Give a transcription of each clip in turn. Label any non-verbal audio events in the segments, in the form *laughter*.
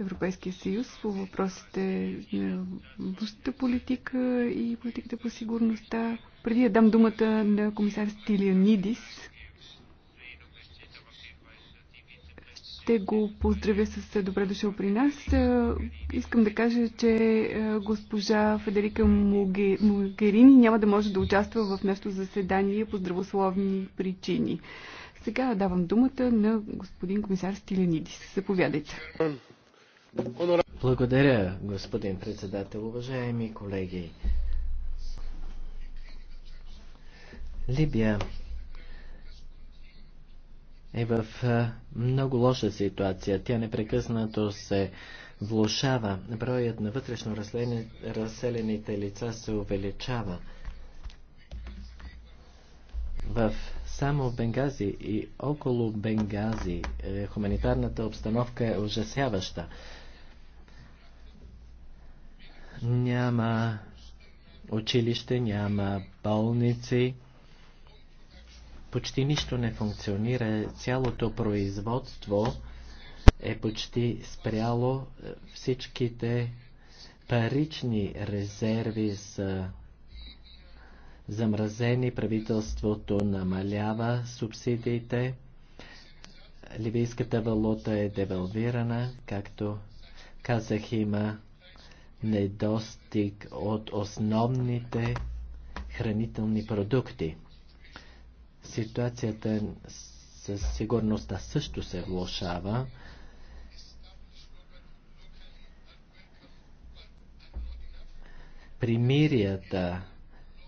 Европейския съюз по въпросите на външната политика и политиката по сигурността. Преди да дам думата на комисар Стилианидис, ще го поздравя с добре дошъл при нас. Искам да кажа, че е, госпожа Федерика Могерини няма да може да участва в нашето заседание по здравословни причини. Сега давам думата на господин комисар Стиленидис. Заповядайте. Благодаря, господин председател. Уважаеми колеги, Либия е в много лоша ситуация. Тя непрекъснато се влушава. Броят на вътрешно разселените лица се увеличава. В само Бенгази и около Бенгази е, хуманитарната обстановка е ужасяваща няма училище, няма болници, почти нищо не функционира, цялото производство е почти спряло всичките парични резерви са замразени, правителството намалява субсидиите, ливийската валута е девалвирана, както казах има недостиг от основните хранителни продукти. Ситуацията е със сигурността също се влошава. Примирията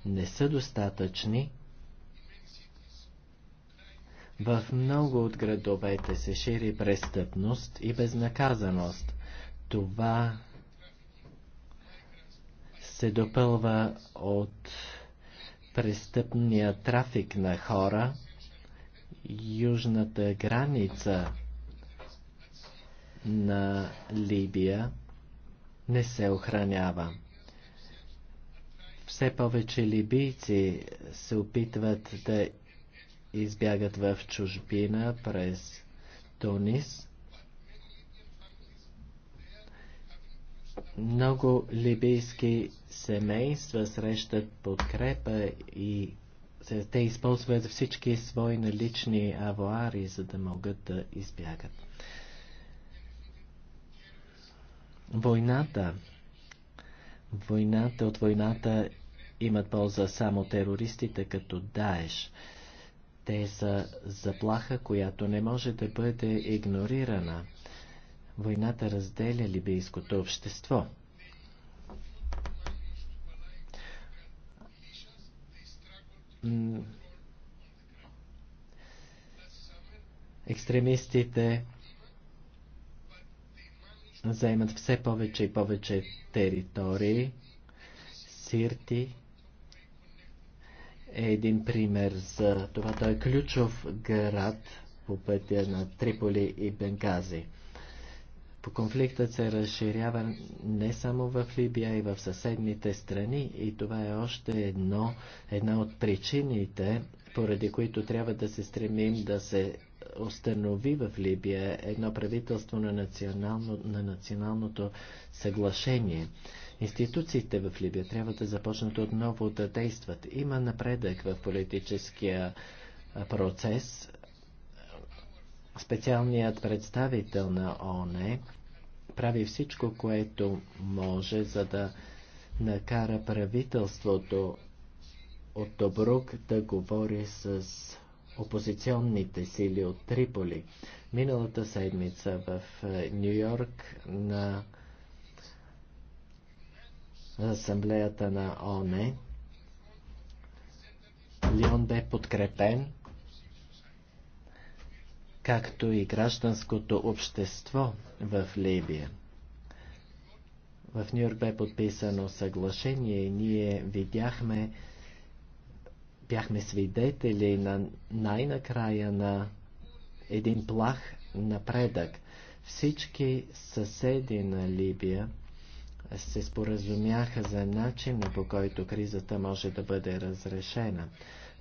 не са достатъчни. В много от градовете се шири престъпност и безнаказаност. Това се допълва от престъпния трафик на хора. Южната граница на Либия не се охранява. Все повече либийци се опитват да избягат в чужбина през Тунис. Много либийски семейства срещат подкрепа и те използват всички свои налични авуари, за да могат да избягат. Войната. Войната от войната имат полза само терористите като Даеш. Те са заплаха, която не може да бъде игнорирана. Войната разделя либийското общество. екстремистите заемат все повече и повече територии. Сирти е един пример за това. Той е ключов град по пътя на Триполи и Бенгази. Конфликтът се разширява не само в Либия и в съседните страни и това е още едно, една от причините, поради които трябва да се стремим да се установи в Либия едно правителство на, национално, на националното съглашение. Институциите в Либия трябва да започнат отново да действат. Има напредък в политическия процес специалният представител на ОНЕ прави всичко, което може, за да накара правителството от Добрук да говори с опозиционните сили от Триполи. Миналата седмица в е, Нью Йорк на асамблеята на ОНЕ Лион бе подкрепен както и гражданското общество в Либия. В Нью-Йорк бе подписано съглашение и ние видяхме, бяхме свидетели на най-накрая на един плах напредък. Всички съседи на Либия се споразумяха за начина по който кризата може да бъде разрешена.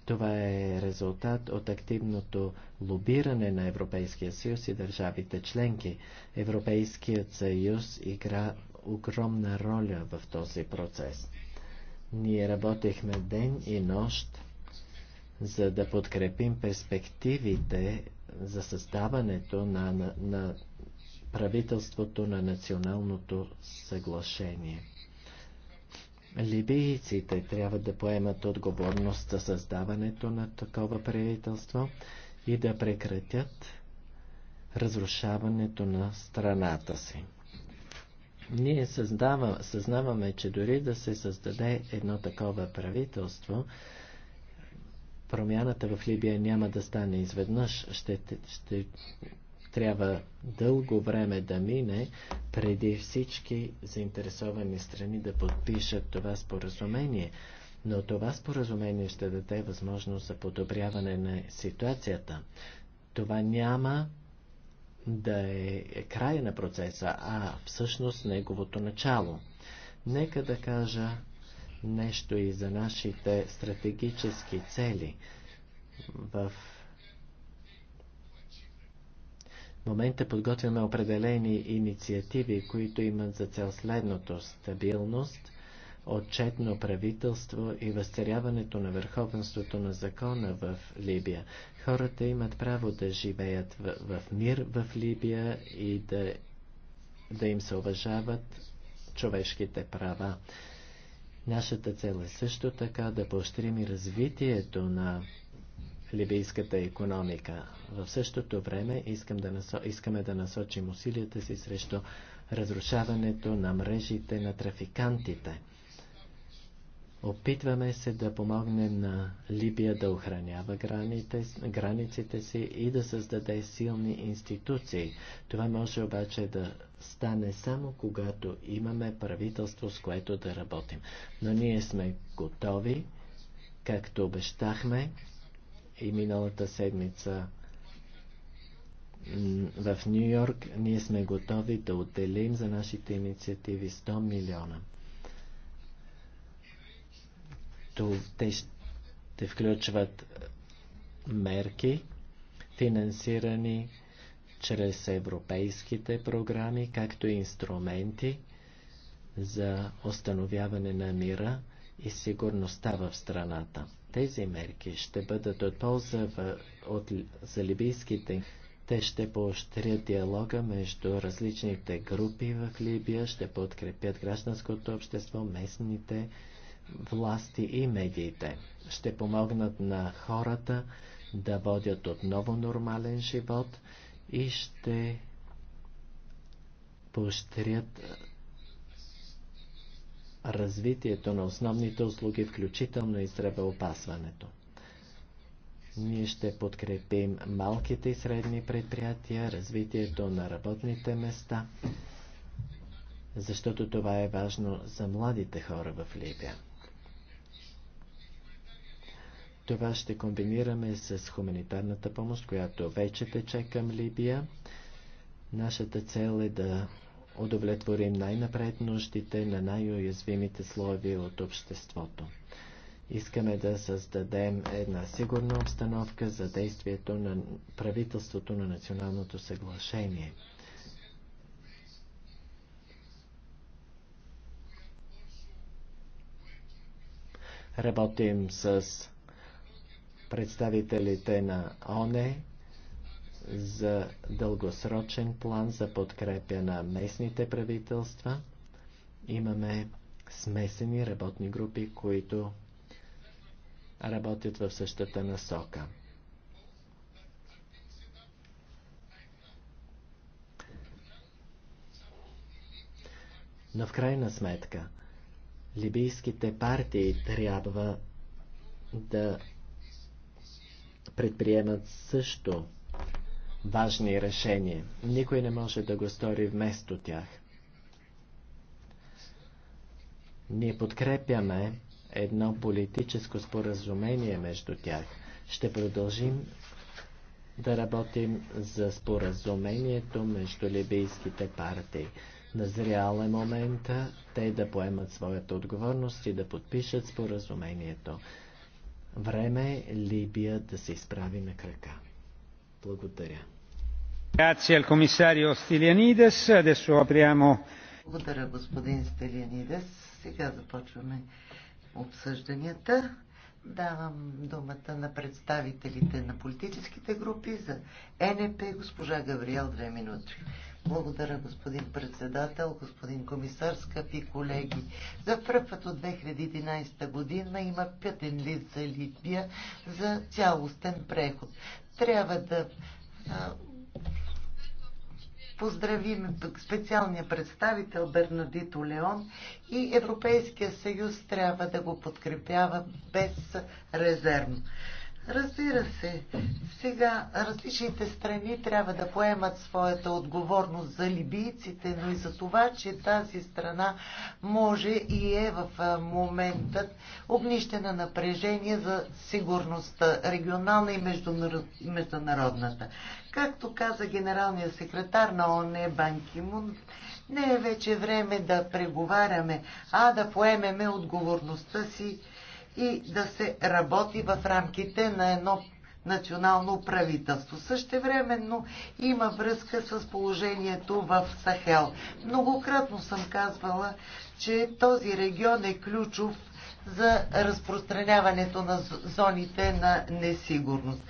Това е резултат от активното лобиране на Европейския съюз и държавите членки. Европейският съюз игра огромна роля в този процес. Ние работехме ден и нощ, за да подкрепим перспективите за създаването на, на, на правителството на националното съглашение. Либийците трябва да поемат отговорност за създаването на такова правителство и да прекратят разрушаването на страната си. Ние създава, съзнаваме, че дори да се създаде едно такова правителство, промяната в Либия няма да стане изведнъж. Ще, ще трябва дълго време да мине преди всички заинтересовани страни да подпишат това споразумение. Но това споразумение ще даде възможност за подобряване на ситуацията. Това няма да е края на процеса, а всъщност неговото начало. Нека да кажа нещо и за нашите стратегически цели. В в момента е подготвяме определени инициативи, които имат за цел следното – стабилност, отчетно правителство и възцаряването на върховенството на закона в Либия. Хората имат право да живеят в, в мир в Либия и да, да им се уважават човешките права. Нашата цел е също така да поощрим и развитието на либийската економика. В същото време искам да насо... искаме да насочим усилията си срещу разрушаването на мрежите на трафикантите. Опитваме се да помогнем на Либия да охранява граните, границите си и да създаде силни институции. Това може обаче да стане само когато имаме правителство, с което да работим. Но ние сме готови, както обещахме, и миналата седмица в Нью Йорк, ние сме готови да отделим за нашите инициативи 100 милиона. То, те ще включват мерки, финансирани чрез европейските програми, както и инструменти за установяване на мира и сигурността в страната. Тези мерки ще бъдат от полза в, от, за либийските. Те ще поощрят диалога между различните групи в Либия, ще подкрепят гражданското общество, местните власти и медиите. Ще помогнат на хората да водят отново нормален живот и ще поощрят развитието на основните услуги, включително и здравеопасването. Ние ще подкрепим малките и средни предприятия, развитието на работните места, защото това е важно за младите хора в Либия. Това ще комбинираме с хуманитарната помощ, която вече тече към Либия. Нашата цел е да удовлетворим най-напред нуждите на най-уязвимите слоеви от обществото. Искаме да създадем една сигурна обстановка за действието на правителството на националното съглашение. Работим с представителите на ОНЕ, за дългосрочен план за подкрепя на местните правителства. Имаме смесени работни групи, които работят в същата насока. Но в крайна сметка, либийските партии трябва да предприемат също важни решения. Никой не може да го стори вместо тях. Ние подкрепяме едно политическо споразумение между тях. Ще продължим да работим за споразумението между либийските партии. Назрял е момента те да поемат своята отговорност и да подпишат споразумението. Време е Либия да се изправи на крака. Благодаря. Благодаря, господин Стилианидес. Сега започваме обсъжданията. Давам думата на представителите на политическите групи за НП госпожа Габриел две минути. Благодаря, господин председател, господин комисар, скъпи колеги. За първ път от 2011 година има пътен лист за Литвия за цялостен преход. Трябва да поздравим специалния представител Бернадито Леон и Европейския съюз трябва да го подкрепява безрезервно. Разбира се. Сега различните страни трябва да поемат своята отговорност за либийците, но и за това, че тази страна може и е в момента огнище на напрежение за сигурността, регионална и международната. Както каза генералният секретар на ОНЕ Банкимун, не е вече време да преговаряме, а да поемеме отговорността си и да се работи в рамките на едно национално правителство. Същевременно има връзка с положението в Сахел. Многократно съм казвала, че този регион е ключов за разпространяването на зоните на несигурност.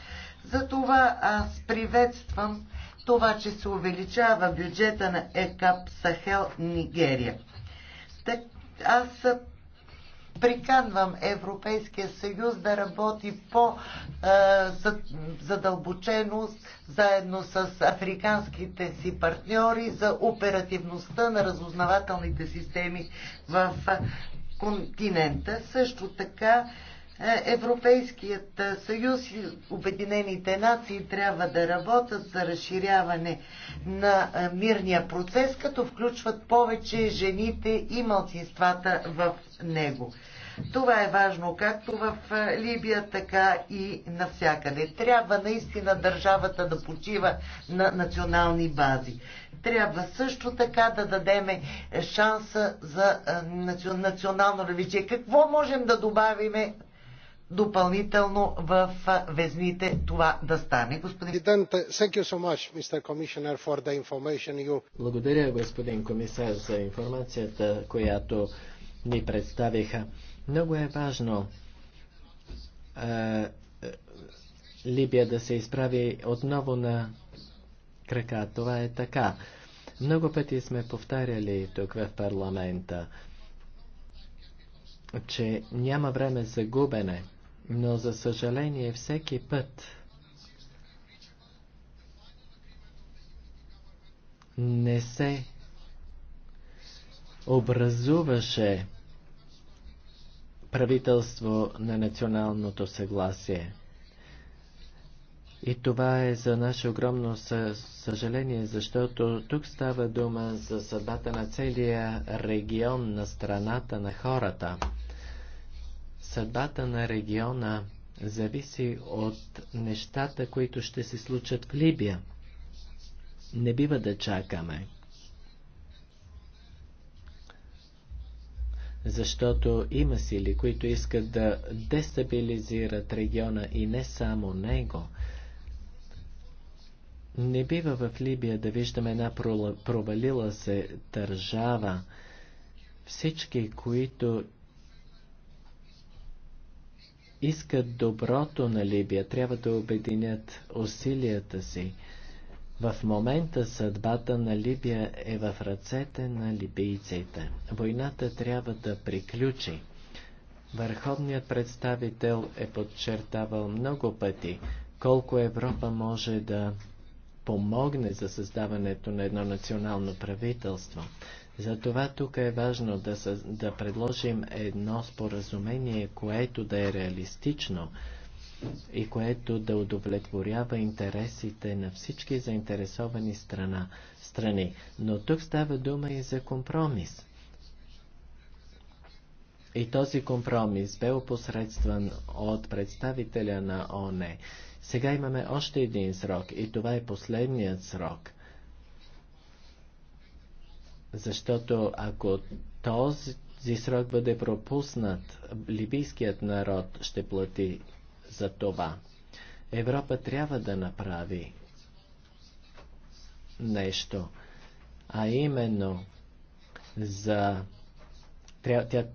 Затова аз приветствам това, че се увеличава бюджета на ЕКАП Сахел Нигерия. Так, аз приканвам Европейския съюз да работи по-задълбочено заедно с африканските си партньори за оперативността на разузнавателните системи в континента. Също така Европейският съюз и Обединените нации трябва да работят за разширяване на мирния процес, като включват повече жените и малцинствата в него. Това е важно както в Либия, така и навсякъде. Трябва наистина държавата да почива на национални бази. Трябва също така да дадеме шанса за национално развитие. Какво можем да добавиме допълнително в везните това да стане. Господин... Благодаря, господин комисар, за информацията, която ни представиха. Много е важно а, Либия да се изправи отново на крака. Това е така. Много пъти сме повтаряли тук в парламента, че няма време за губене. Но за съжаление всеки път не се образуваше правителство на националното съгласие. И това е за наше огромно съжаление, защото тук става дума за съдбата на целия регион, на страната, на хората съдбата на региона зависи от нещата, които ще се случат в Либия. Не бива да чакаме. Защото има сили, които искат да дестабилизират региона и не само него. Не бива в Либия да виждаме една провалила се държава. Всички, които искат доброто на Либия, трябва да обединят усилията си. В момента съдбата на Либия е в ръцете на либийците. Войната трябва да приключи. Върховният представител е подчертавал много пъти колко Европа може да помогне за създаването на едно национално правителство. Затова тук е важно да, съ... да предложим едно споразумение, което да е реалистично и което да удовлетворява интересите на всички заинтересовани страна, страни. Но тук става дума и за компромис. И този компромис бе опосредстван от представителя на ОНЕ. Сега имаме още един срок и това е последният срок – защото ако този срок бъде пропуснат, либийският народ ще плати за това. Европа трябва да направи нещо, а именно за... Тря... Тя...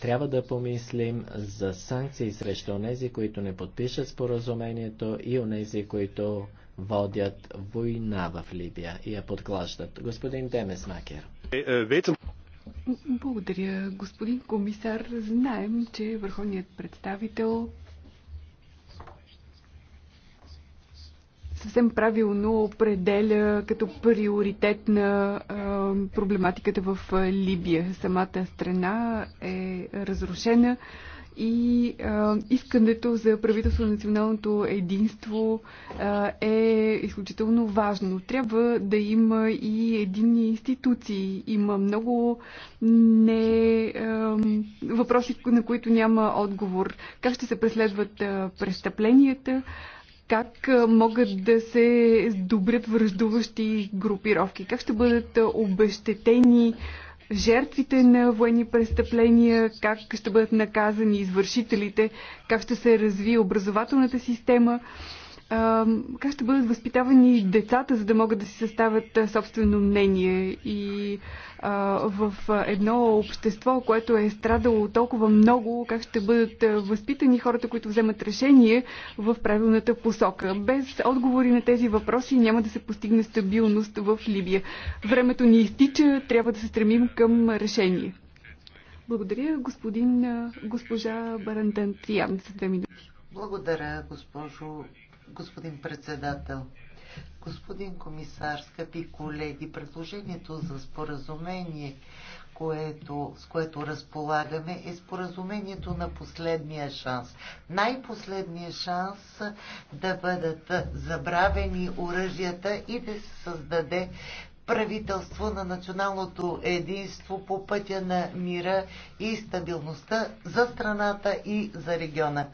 Трябва да помислим за санкции срещу онези, които не подпишат споразумението и онези, които водят война в Либия и я подклаждат. Господин Демес Макер. Е, е, Благодаря, господин комисар. Знаем, че върховният представител съвсем правилно определя като приоритет на проблематиката в Либия. Самата страна е разрушена и а, искането за правителство на националното единство а, е изключително важно. Трябва да има и единни институции. Има много не, а, въпроси, на които няма отговор. Как ще се преследват а, престъпленията? Как могат да се сдобрят връждуващи групировки? Как ще бъдат обещетени? жертвите на военни престъпления, как ще бъдат наказани извършителите, как ще се разви образователната система как ще бъдат възпитавани децата, за да могат да си съставят собствено мнение и в едно общество, което е страдало толкова много, как ще бъдат възпитани хората, които вземат решение в правилната посока. Без отговори на тези въпроси няма да се постигне стабилност в Либия. Времето ни изтича, трябва да се стремим към решение. Благодаря, господин, госпожа Барантантиян, за две минути. Благодаря, госпожо господин председател. Господин комисар, скъпи колеги, предложението за споразумение, което, с което разполагаме, е споразумението на последния шанс. Най-последния шанс да бъдат забравени оръжията и да се създаде правителство на националното единство по пътя на мира и стабилността за страната и за региона.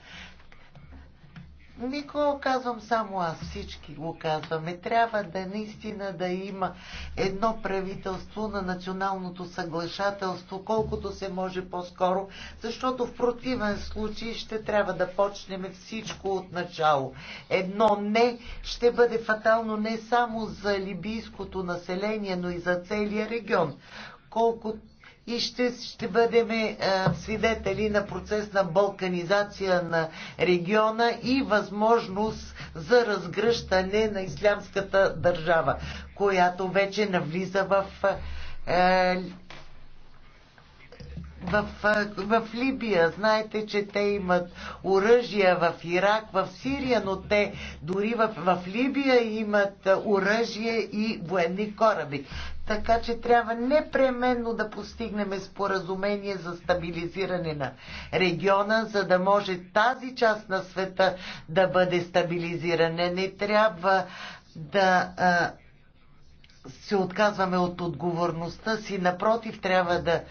Не го казвам само аз, всички го казваме. Трябва да наистина да има едно правителство на националното съглашателство, колкото се може по-скоро, защото в противен случай ще трябва да почнем всичко от начало. Едно не ще бъде фатално не само за либийското население, но и за целия регион. Колкото и ще, ще бъдем а, е, свидетели на процес на балканизация на региона и възможност за разгръщане на ислямската държава, която вече навлиза в А, е, в, е, в Либия. Знаете, че те имат оръжия в Ирак, в Сирия, но те дори в, в Либия имат оръжие и военни кораби така че трябва непременно да постигнем споразумение за стабилизиране на региона, за да може тази част на света да бъде стабилизирана. Не трябва да а, се отказваме от отговорността си. Напротив, трябва да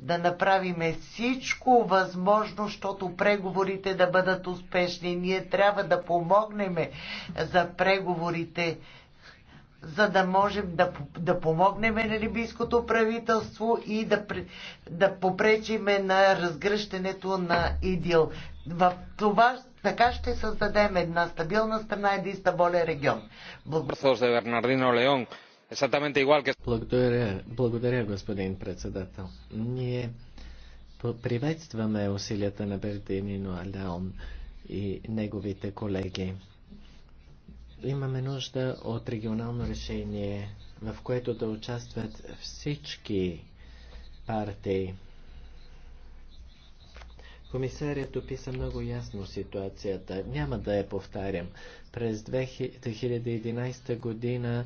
да направиме всичко възможно, защото преговорите да бъдат успешни. Ние трябва да помогнем за преговорите за да можем да, да помогнем на либийското правителство и да, да попречиме на разгръщането на ИДИЛ. В това така ще създадем една стабилна страна, един стаболен регион. Благодаря. Благодаря, благодаря, господин председател. Ние приветстваме усилията на Бердинино Алеон и неговите колеги имаме нужда от регионално решение, в което да участват всички партии. Комисарият описа много ясно ситуацията. Няма да я повтарям. През 2011 година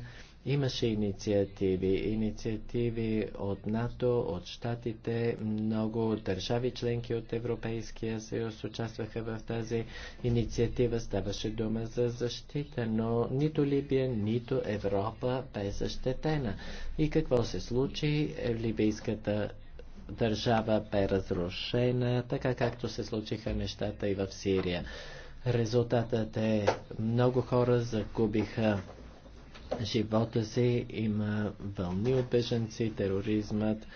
Имаше инициативи, инициативи от НАТО, от Штатите, много държави членки от Европейския съюз участваха в тази инициатива. Ставаше дума за защита, но нито Либия, нито Европа бе защитена. И какво се случи? Либийската държава бе разрушена, така както се случиха нещата и в Сирия. Резултатът е много хора загубиха живота си, има вълни от беженци, тероризмът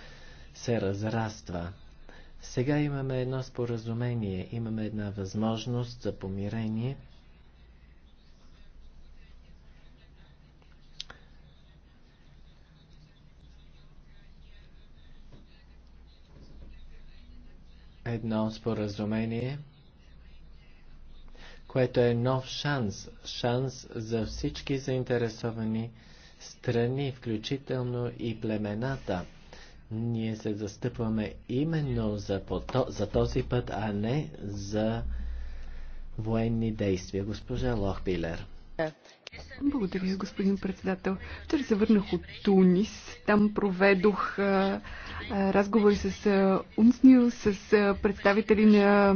се разраства. Сега имаме едно споразумение, имаме една възможност за помирение. Едно споразумение – което е нов шанс, шанс за всички заинтересовани страни, включително и племената. Ние се застъпваме именно за, за този път, а не за военни действия. Госпожа Лохбилер. Благодаря, господин председател. Вчера се върнах от Тунис. Там проведох а, а, разговори с Унснил, с а, представители на а,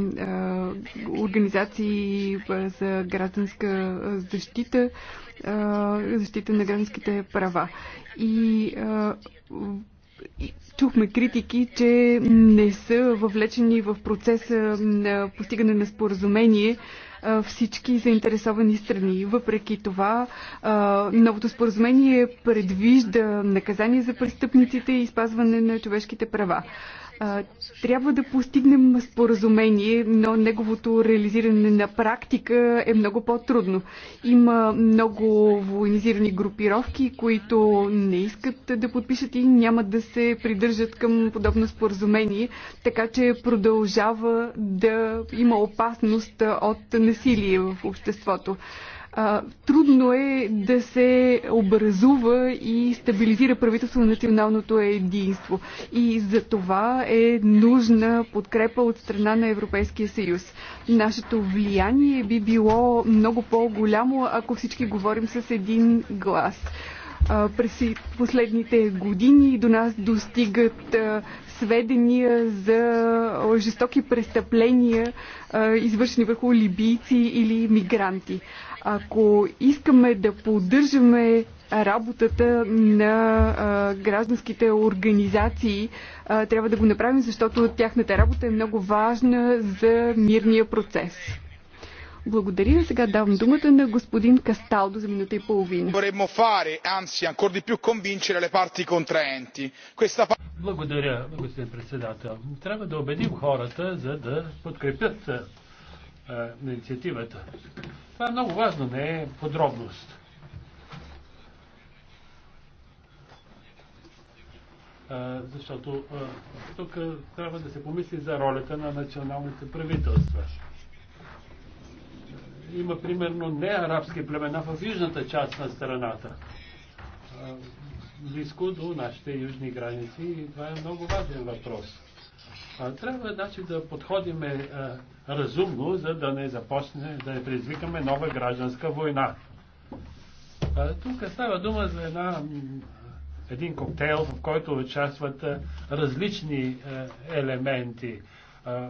организации а, за гражданска защита, а, защита на гражданските права. И а, чухме критики, че не са въвлечени в процеса на постигане на споразумение всички заинтересовани страни. Въпреки това, новото споразумение предвижда наказание за престъпниците и спазване на човешките права трябва да постигнем споразумение, но неговото реализиране на практика е много по-трудно. Има много военизирани групировки, които не искат да подпишат и няма да се придържат към подобно споразумение, така че продължава да има опасност от насилие в обществото а, трудно е да се образува и стабилизира правителство на националното единство. И за това е нужна подкрепа от страна на Европейския съюз. Нашето влияние би било много по-голямо, ако всички говорим с един глас. А, през последните години до нас достигат а, сведения за жестоки престъпления, извършени върху либийци или мигранти. Ако искаме да поддържаме работата на а, гражданските организации, а, трябва да го направим, защото тяхната работа е много важна за мирния процес. Благодаря. Сега давам думата на господин Касталдо за минута и половина. Благодаря, господин председател. Трябва да убедим хората, за да подкрепят а, инициативата. Това е много важно, не е подробност. защото тук трябва да се помисли за ролята на националните правителства. Има примерно не арабски племена в южната част на страната, близко до нашите южни граници и това е много важен въпрос. А, трябва значи, да подходим а, е, е, разумно, за да не започне, да не предизвикаме нова гражданска война. А, тук става дума за една, един коктейл, в който участват а, е, различни а, елементи. А,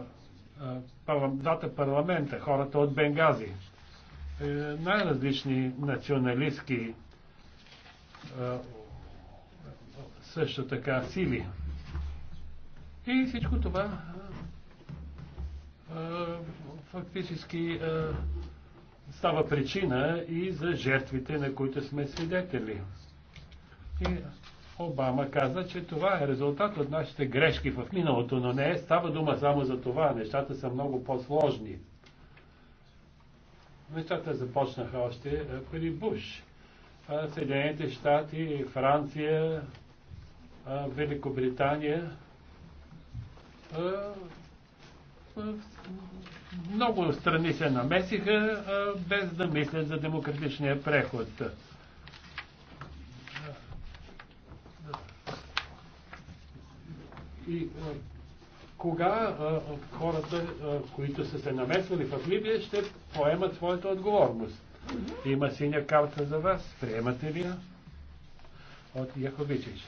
а, двата парламента, хората от Бенгази, най-различни националистки, а, също така сили. И всичко това фактически става причина и за жертвите, на които сме свидетели. И Обама каза, че това е резултат от нашите грешки в миналото, но не е става дума само за това. Нещата са много по-сложни. Нещата започнаха още при Буш. Съединените щати, Франция, Великобритания е, е, много страни се намесиха, е, без да мислят за демократичния преход. И кога хората, които са се намесвали в Либия, ще поемат своята отговорност? Има синя карта за вас. Приемате ли я? От Яховичич.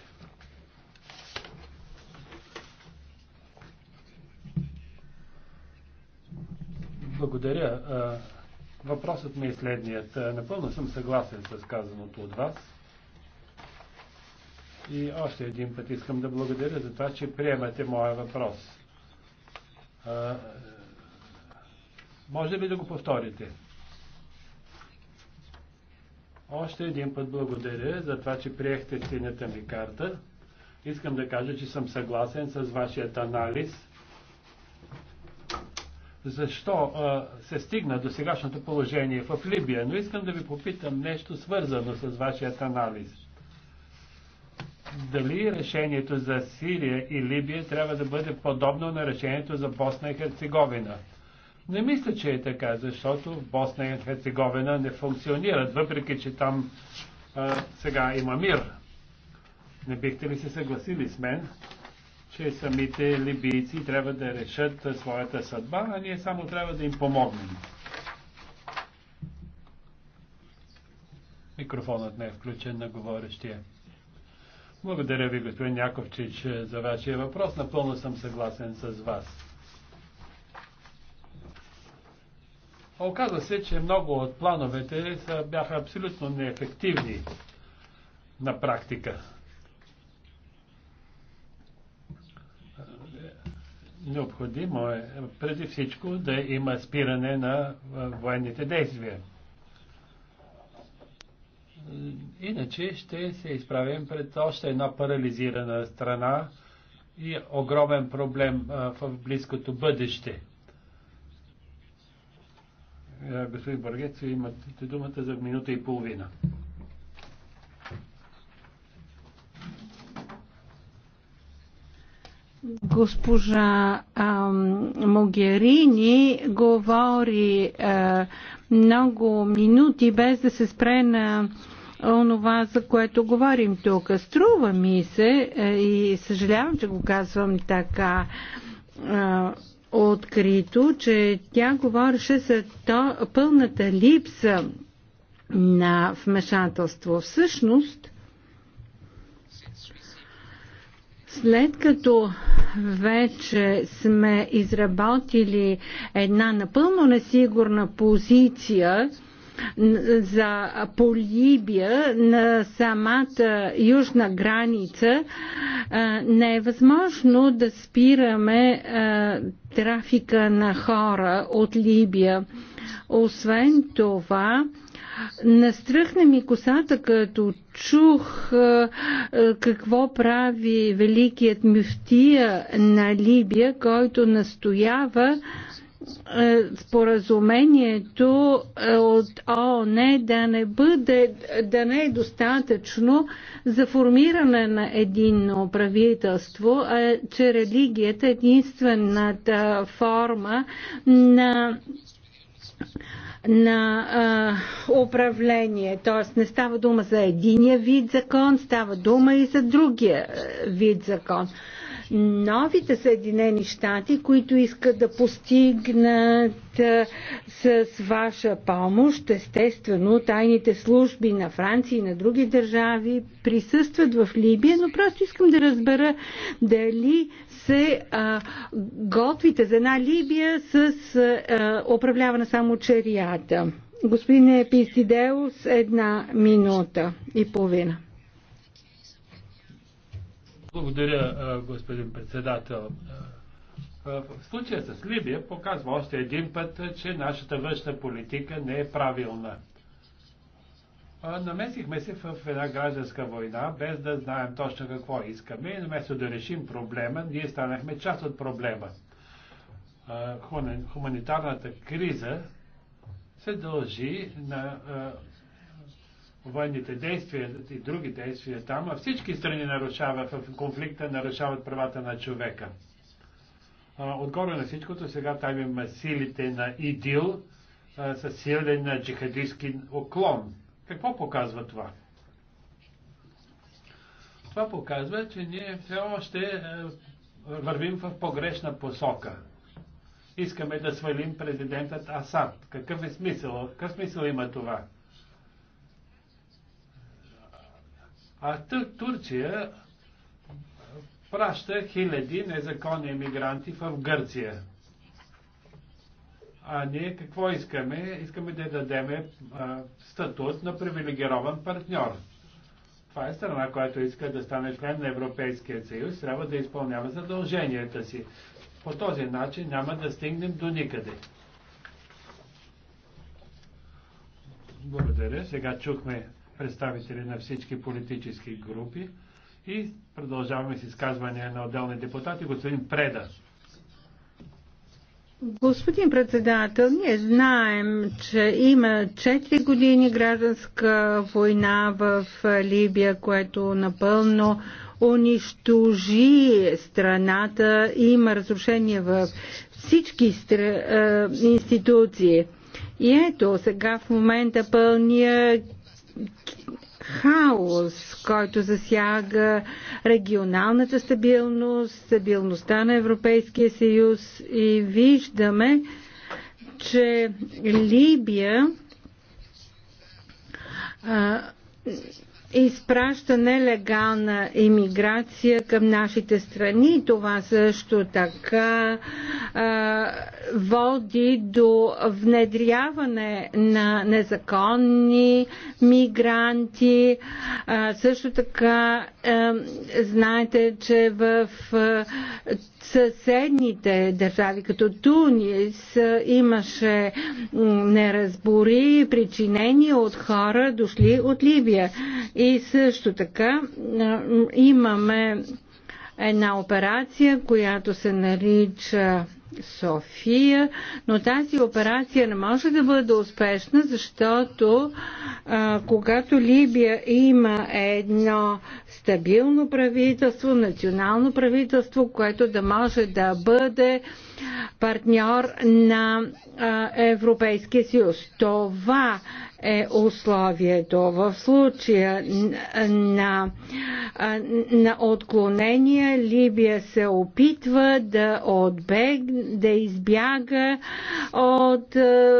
Благодаря. Въпросът ми е следният. Напълно съм съгласен с казаното от вас. И още един път искам да благодаря за това, че приемате моя въпрос. А, може ли да го повторите? Още един път благодаря за това, че приехте синята ми карта. Искам да кажа, че съм съгласен с вашият анализ защо а, се стигна до сегашното положение в Либия, но искам да ви попитам нещо свързано с вашият анализ. Дали решението за Сирия и Либия трябва да бъде подобно на решението за Босна и Херцеговина? Не мисля, че е така, защото Босна и Херцеговина не функционират, въпреки че там а, сега има мир. Не бихте ли се съгласили с мен? че самите либийци трябва да решат своята съдба, а ние само трябва да им помогнем. Микрофонът не е включен на говорещия. Благодаря ви, господин Яковчич, за вашия въпрос. Напълно съм съгласен с вас. Оказва се, че много от плановете са, бяха абсолютно неефективни на практика. Необходимо е преди всичко да има спиране на военните действия. Иначе ще се изправим пред още една парализирана страна и огромен проблем в близкото бъдеще. Е, господин Баргец, имате думата за минута и половина. Госпожа Могерини говори а, е, много минути без да се спре на онова, за което говорим тук. Струва ми се е, и съжалявам, че го казвам така а, е, открито, че тя говореше за то, пълната липса на вмешателство. Всъщност, След като вече сме изработили една напълно несигурна позиция, за по Либия на самата южна граница не е възможно да спираме трафика на хора от Либия. Освен това, Настръхна ми косата, като чух какво прави великият мюфтия на Либия, който настоява споразумението от ООН да не бъде, да не е достатъчно за формиране на единно правителство, а че религията е единствената форма на на а, управление. Тоест не става дума за единия вид закон, става дума и за другия вид закон. Новите Съединени щати, които искат да постигнат с ваша помощ, естествено, тайните служби на Франция и на други държави присъстват в Либия, но просто искам да разбера дали се а, готвите за една Либия с а, управлявана само черията. Господин Еписидеус, една минута и половина. Благодаря, господин председател. В случая с Либия показва още един път, че нашата външна политика не е правилна намесихме се в една гражданска война, без да знаем точно какво искаме. И вместо да решим проблема, ние станахме част от проблема. Хуманитарната криза се дължи на военните действия и други действия там, а всички страни нарушават в конфликта, нарушават правата на човека. Отгоре на всичкото сега там има силите на ИДИЛ със силен на джихадистски оклон. Какво показва това? Това показва, че ние все още е, вървим в погрешна посока. Искаме да свалим президентът Асад. Какъв е смисъл? Какъв смисъл има това? А Турция праща хиляди незаконни емигранти в Гърция. А ние какво искаме? Искаме да дадеме а, статут на привилегирован партньор. Това е страна, която иска да стане член на Европейския съюз, трябва да изпълнява задълженията си. По този начин няма да стигнем до никъде. Благодаря. Сега чухме представители на всички политически групи и продължаваме с изказвания на отделни депутати. Господин Преда. Господин председател, ние знаем, че има 4 години гражданска война в Либия, което напълно унищожи страната. Има разрушение в всички стра... Е, институции. И ето, сега в момента пълния хаос, който засяга регионалната стабилност, стабилността на Европейския съюз и виждаме, че Либия а, изпраща нелегална иммиграция към нашите страни. Това също така а, води до внедряване на незаконни мигранти. А, също така а, знаете, че в а, съседните държави, като Тунис, имаше неразбори, причинени от хора, дошли от Ливия. И също така имаме една операция, която се нарича София, но тази операция не може да бъде успешна, защото а, когато Либия има едно стабилно правителство, национално правителство, което да може да бъде партньор на а, Европейския съюз. Това е условието. В случая на, на отклонение Либия се опитва да отбег, да избяга от е,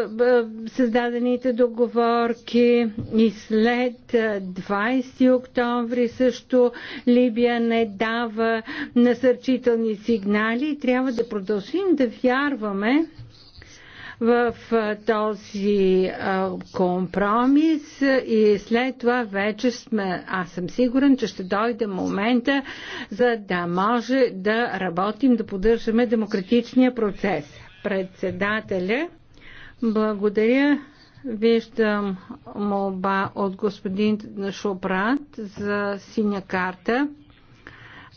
създадените договорки и след 20 октомври също Либия не дава насърчителни сигнали и трябва да продължим да вярваме, в този компромис и след това вече сме, аз съм сигурен, че ще дойде момента, за да може да работим, да поддържаме демократичния процес. Председателя, благодаря. Виждам молба от господин Шопрат за синя карта.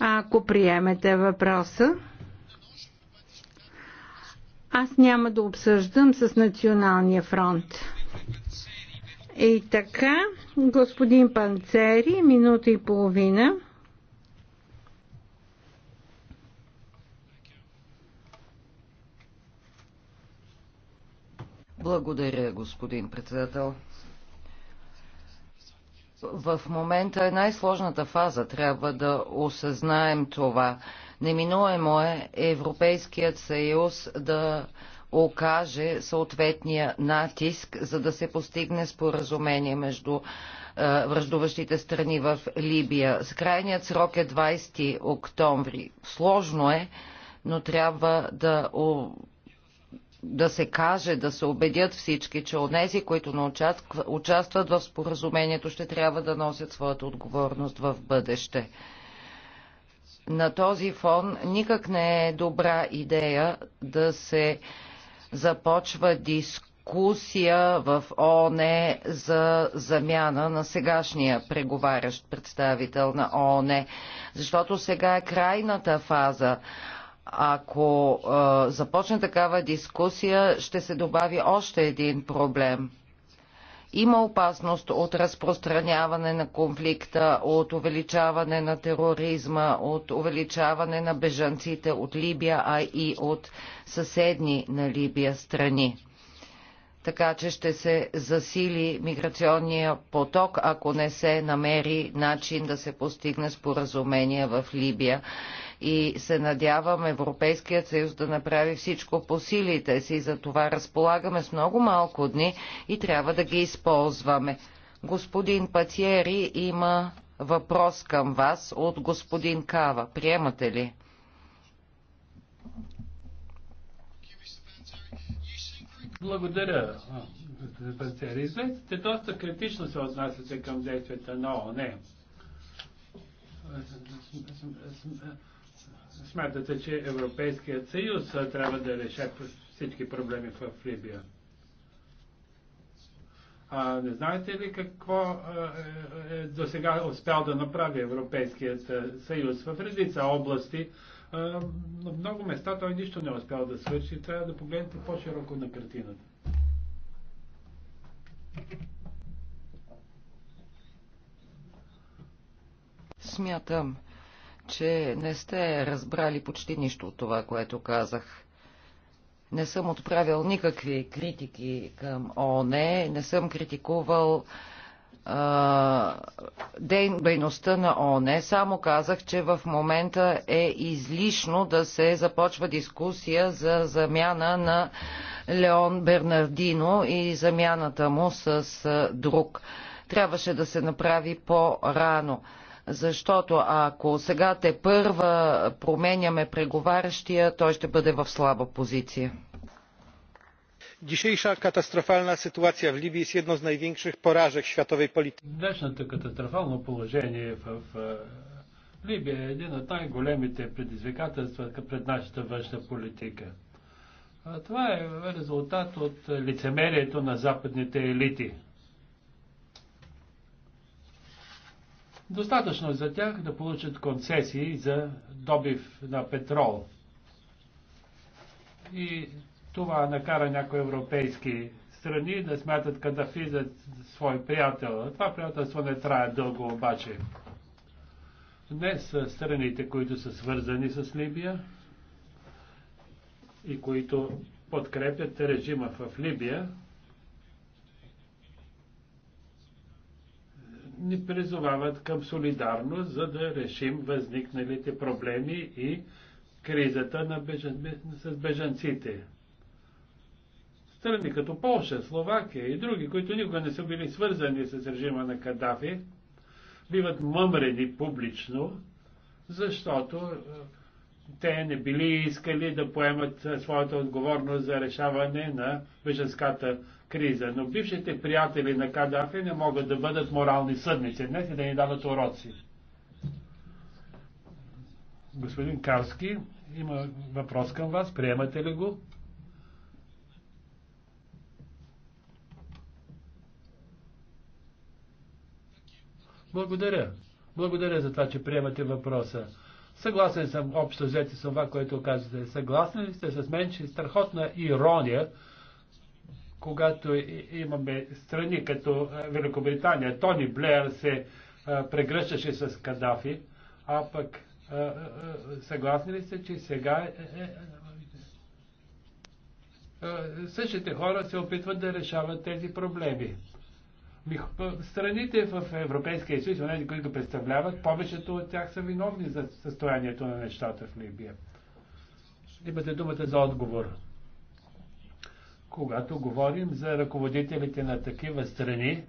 Ако приемете въпроса. Аз няма да обсъждам с Националния фронт. И така, господин Панцери, минута и половина. Благодаря, господин председател. В момента е най-сложната фаза. Трябва да осъзнаем това. Неминуемо е Европейският съюз да окаже съответния натиск, за да се постигне споразумение между е, връждуващите страни в Либия. Крайният срок е 20 октомври. Сложно е, но трябва да, да се каже, да се убедят всички, че онези, които участват в споразумението, ще трябва да носят своята отговорност в бъдеще на този фон никак не е добра идея да се започва дискусия в ООН за замяна на сегашния преговарящ представител на ООН, защото сега е крайната фаза. Ако е, започне такава дискусия, ще се добави още един проблем – има опасност от разпространяване на конфликта, от увеличаване на тероризма, от увеличаване на бежанците от Либия, а и от съседни на Либия страни така че ще се засили миграционния поток, ако не се намери начин да се постигне споразумение в Либия. И се надявам Европейският съюз да направи всичко по силите си. За това разполагаме с много малко дни и трябва да ги използваме. Господин Патиери има въпрос към вас от господин Кава. Приемате ли? Благодаря, за доста критично се отнасяте към действията на ООН. Смятате, че Европейският съюз трябва да реши всички проблеми в Либия. А не знаете ли какво е, е, е до сега успял да направи Европейският съюз в редица области, на много места той нищо не успял да свърши. Трябва да погледнете по-широко на картината. Смятам, че не сте разбрали почти нищо от това, което казах. Не съм отправил никакви критики към ОНЕ, не съм критикувал дейността на ООН. Само казах, че в момента е излишно да се започва дискусия за замяна на Леон Бернардино и замяната му с друг. Трябваше да се направи по-рано. Защото ако сега те първа променяме преговарящия, той ще бъде в слаба позиция dzisiejsza katastrofalna sytuacja w libii jest jedną z największych porażek światowej polityki. Днешното катастрофално положение в е, Либия е един от най-големите предизвикателства пред нашата външна политика. Това е резултат от лицемерието на западните елити. Достатъчно е за тях да получат концесии за добив на петрол. И това накара някои европейски страни да смятат Кадафи за свой приятел. Това приятелство не трае дълго обаче. Днес страните, които са свързани с Либия и които подкрепят режима в Либия, ни призовават към солидарност, за да решим възникналите проблеми и кризата на бежан... с бежанците. Страни като Полша, Словакия и други, които никога не са били свързани с режима на Кадафи, биват мъмрени публично, защото е, те не били искали да поемат е, своята отговорност за решаване на беженската криза. Но бившите приятели на Кадафи не могат да бъдат морални съдници не си да ни дават уроци. Господин Карски, има въпрос към вас. Приемате ли го? Благодаря. Благодаря за това, че приемате въпроса. Съгласен съм общо взети с това, което казвате. Съгласни ли сте с мен, че е страхотна ирония, когато имаме страни като Великобритания, Тони Блеер се прегръщаше с Кадафи, а пък съгласни ли сте, че сега е, е, същите хора се опитват да решават тези проблеми? Страните в Европейския съюз, онези, които представляват, повечето от тях са виновни за състоянието на нещата в Либия. Имате думата за отговор. Когато говорим за ръководителите на такива страни,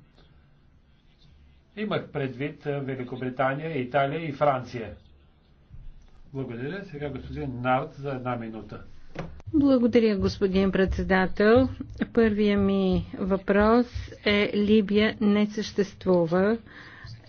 имах предвид Великобритания, Италия и Франция. Благодаря. Сега господин Нарт за една минута. Благодаря, господин председател. Първия ми въпрос е Либия не съществува.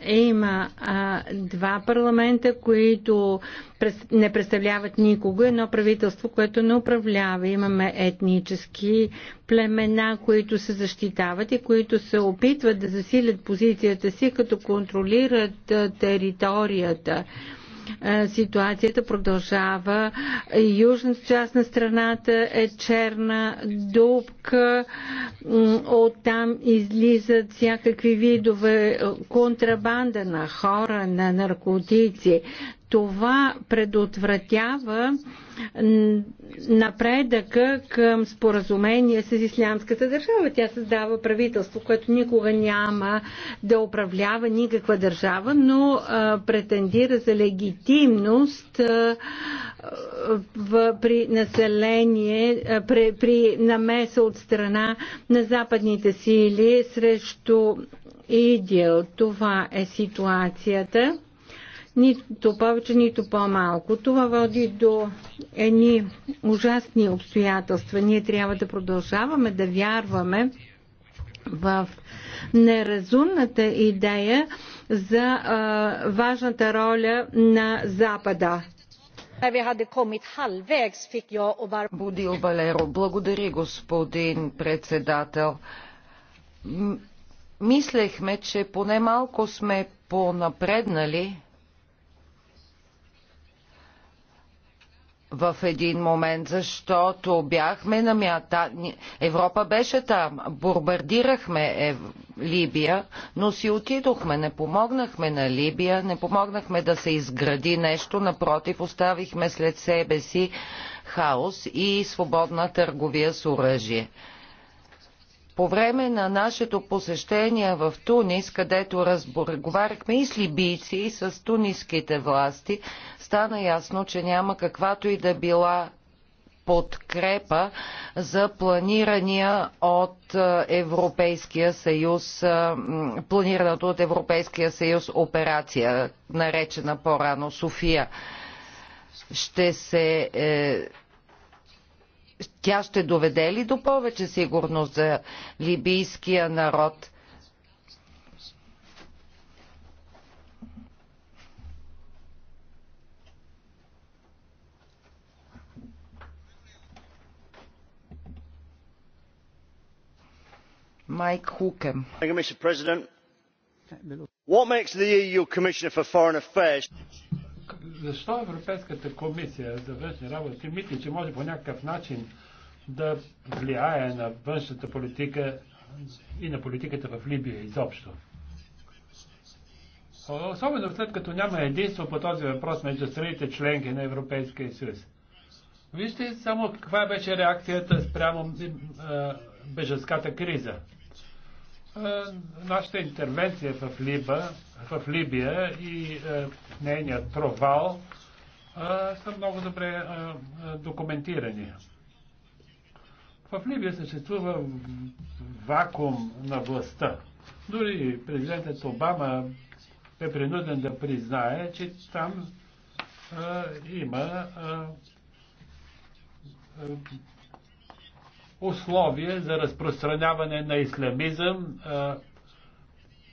Е, има а, два парламента, които през, не представляват никого, едно правителство, което не управлява. Имаме етнически племена, които се защитават и които се опитват да засилят позицията си, като контролират а, територията. А, е, ситуацията продължава. Южната част на страната е черна дупка. Оттам излизат всякакви видове контрабанда на хора, на наркотици това предотвратява напредъка към споразумение с ислямската държава. Тя създава правителство, което никога няма да управлява никаква държава, но а, претендира за легитимност а, в, при население, а, при, при намеса от страна на западните сили срещу идил. Това е ситуацията нито повече, нито по-малко. Това води до едни ужасни обстоятелства. Ние трябва да продължаваме да вярваме в неразумната идея за а, важната роля на Запада. Будил Валеро, благодари господин председател. Мислехме, че поне малко сме понапреднали в един момент, защото бяхме на мята... Европа беше там, бомбардирахме Ев... Либия, но си отидохме, не помогнахме на Либия, не помогнахме да се изгради нещо, напротив, оставихме след себе си хаос и свободна търговия с оръжие. По време на нашето посещение в Тунис, където разговаряхме и с либийци, и с туниските власти, стана ясно, че няма каквато и да била подкрепа за планирания от е, Европейския съюз, е, планираната от Европейския съюз операция, наречена по-рано София. Ще се е, тя ще доведе ли до повече сигурност за либийския народ? Майк Хукем. Защо Европейската комисия за външни работи мисли, че може по някакъв начин да влияе на външната политика и на политиката в Либия изобщо? Особено след като няма единство по този въпрос между страните членки на Европейския съюз. Вижте само каква беше реакцията спрямо бежанската криза. Нашата интервенция в, Либа, в Либия и нейният провал са много добре документирани. В Либия съществува вакуум на властта. Дори президентът Обама е принуден да признае, че там а, има а, условие за разпространяване на ислямизъм а,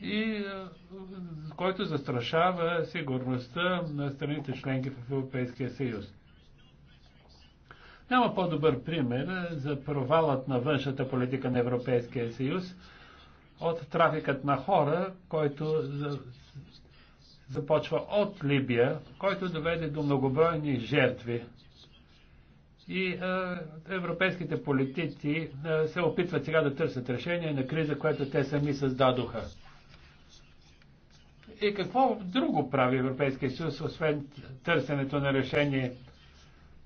и а, който застрашава сигурността на страните членки в Европейския съюз. Няма по-добър пример за провалът на външната политика на Европейския съюз от трафикът на хора, който започва от Либия, който доведе до многобройни жертви и а, е, европейските политици а, е, се опитват сега да търсят решение на криза, която те сами създадоха. И какво друго прави Европейския съюз, освен търсенето на решение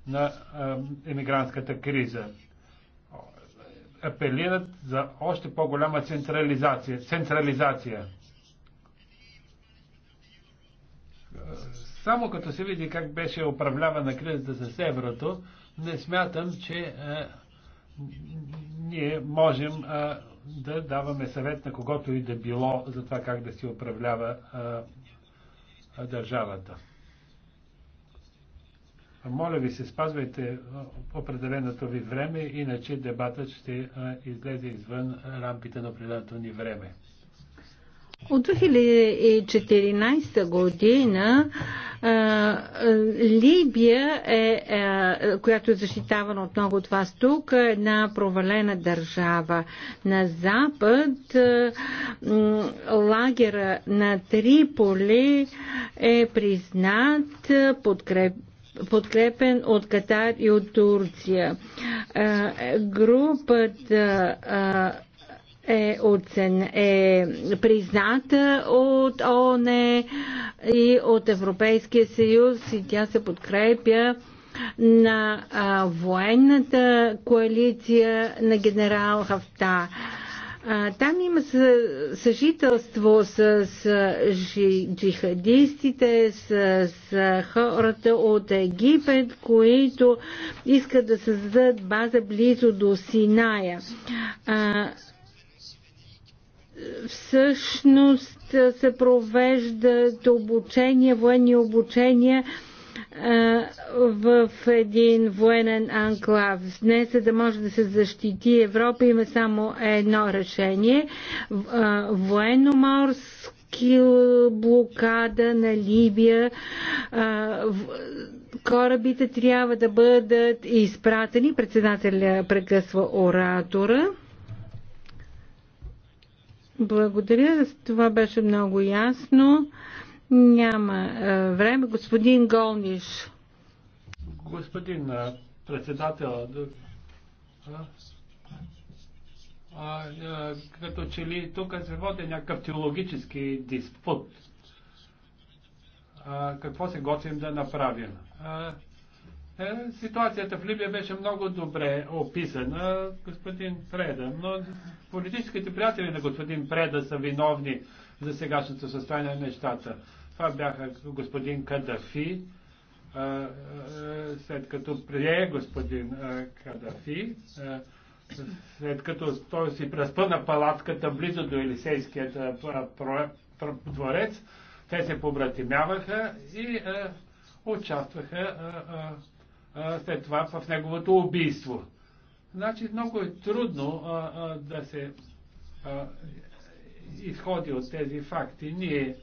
на а, е, емигрантската криза? Апелират за още по-голяма централизация. централизация. Само като се види как беше управлявана кризата с еврото, не смятам, че а, е, ние можем а, е, да даваме съвет на когото и да било за това как да си управлява а, е, а, държавата. Моля ви се, спазвайте определеното ви време, иначе дебатът ще излезе извън рамките на определеното ни време. От 2014 година Либия, е, която е защитавана от много от вас тук, е една провалена държава. На запад лагера на Триполи е признат, подкреп, подкрепен от Катар и от Турция. групата е, оцен, е призната от ООН и от Европейския съюз и тя се подкрепя на а, военната коалиция на генерал Хафта. А, там има съжителство с, с жи, джихадистите, с, с хората от Египет, които искат да създадат база близо до Синая. А, всъщност се провеждат обучения, военни обучения в един военен анклав. Днес, за да може да се защити Европа, има само едно решение. Военноморски блокада на Либия. Корабите трябва да бъдат изпратени. Председателя прекъсва оратора. Благодаря. Това беше много ясно. Няма е, време. Господин Голниш. Господин е, председател, а, е, а, като че ли тук се води някакъв теологически диспут. А, какво се готвим да направим? А, е, ситуацията в Либия беше много добре описана, господин Преда, но политическите приятели на господин Преда са виновни за сегашното състояние на нещата. Това бяха господин Кадафи, е, е, след като прие господин Кадафи, след като той си преспъна палатката близо до Елисейският дворец, те се побратимяваха и участваха след това в неговото убийство. Значи много е трудно а, а, да се а, изходи от тези факти. Ние,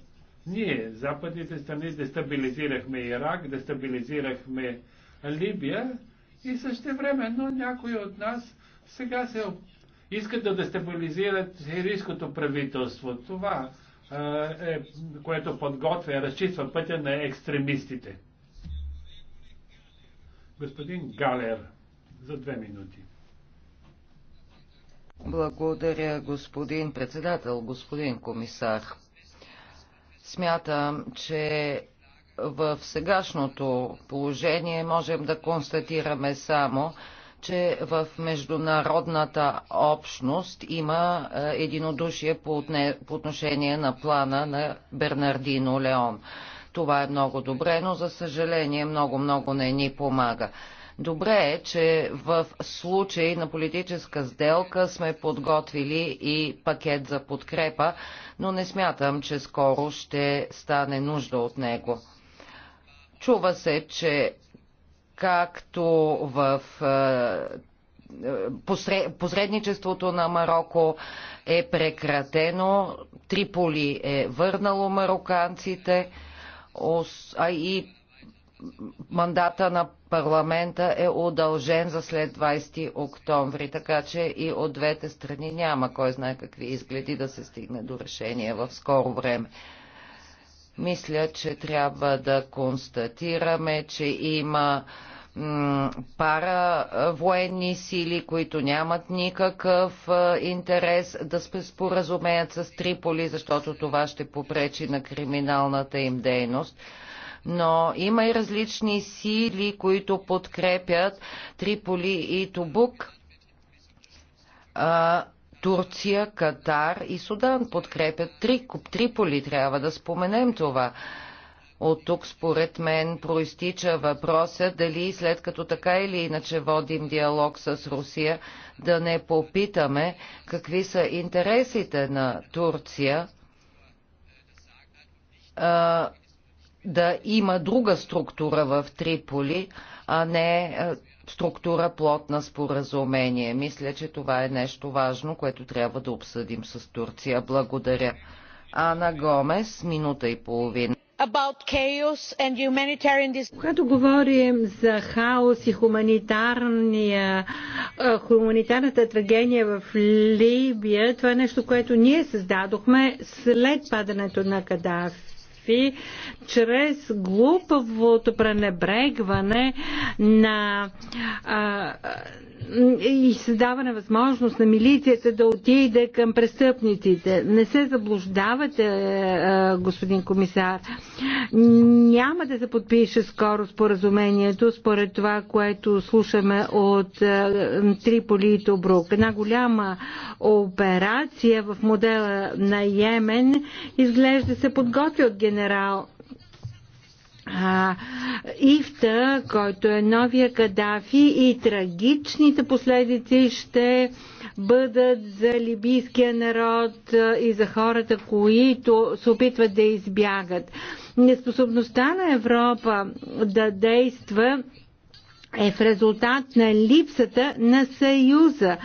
ние, западните страни, дестабилизирахме Ирак, дестабилизирахме Либия и същевременно някои от нас сега се искат да дестабилизират сирийското правителство. Това е, което подготвя, разчиства пътя на екстремистите. Господин Галер, за две минути. Благодаря, господин председател, господин комисар. Смятам, че в сегашното положение можем да констатираме само, че в международната общност има е, единодушие по отношение на плана на Бернардино Леон. Това е много добре, но за съжаление много-много не ни помага. Добре е, че в случай на политическа сделка сме подготвили и пакет за подкрепа, но не смятам, че скоро ще стане нужда от него. Чува се, че както в е, посредничеството на Марокко е прекратено, Триполи е върнало мароканците, а и мандата на парламента е удължен за след 20 октомври, така че и от двете страни няма кой знае какви изгледи да се стигне до решение в скоро време. Мисля, че трябва да констатираме, че има паравоенни сили, които нямат никакъв интерес да се споразумеят с Триполи, защото това ще попречи на криминалната им дейност но има и различни сили, които подкрепят Триполи и Тубук. Турция, Катар и Судан подкрепят Триполи, трябва да споменем това. От тук, според мен, проистича въпроса дали след като така или иначе водим диалог с Русия, да не попитаме какви са интересите на Турция а, да има друга структура в Триполи, а не структура плотна споразумение. Мисля, че това е нещо важно, което трябва да обсъдим с Турция. Благодаря. Ана Гомес, минута и половина. Humanitarian... Когато говорим за хаос и хуманитарната трагедия в Либия, това е нещо, което ние създадохме след падането на Кадафи Кадафи чрез глупавото пренебрегване на а, и създаване възможност на милицията да отиде към престъпниците. Не се заблуждавате, господин комисар. Няма да се подпише скоро споразумението, според това, което слушаме от Триполи и Тобрук. Една голяма операция в модела на Йемен изглежда се подготвя от генерал а, Ифта, който е новия Кадафи и трагичните последици ще бъдат за либийския народ и за хората, които се опитват да избягат. Неспособността на Европа да действа е в резултат на липсата на съюза.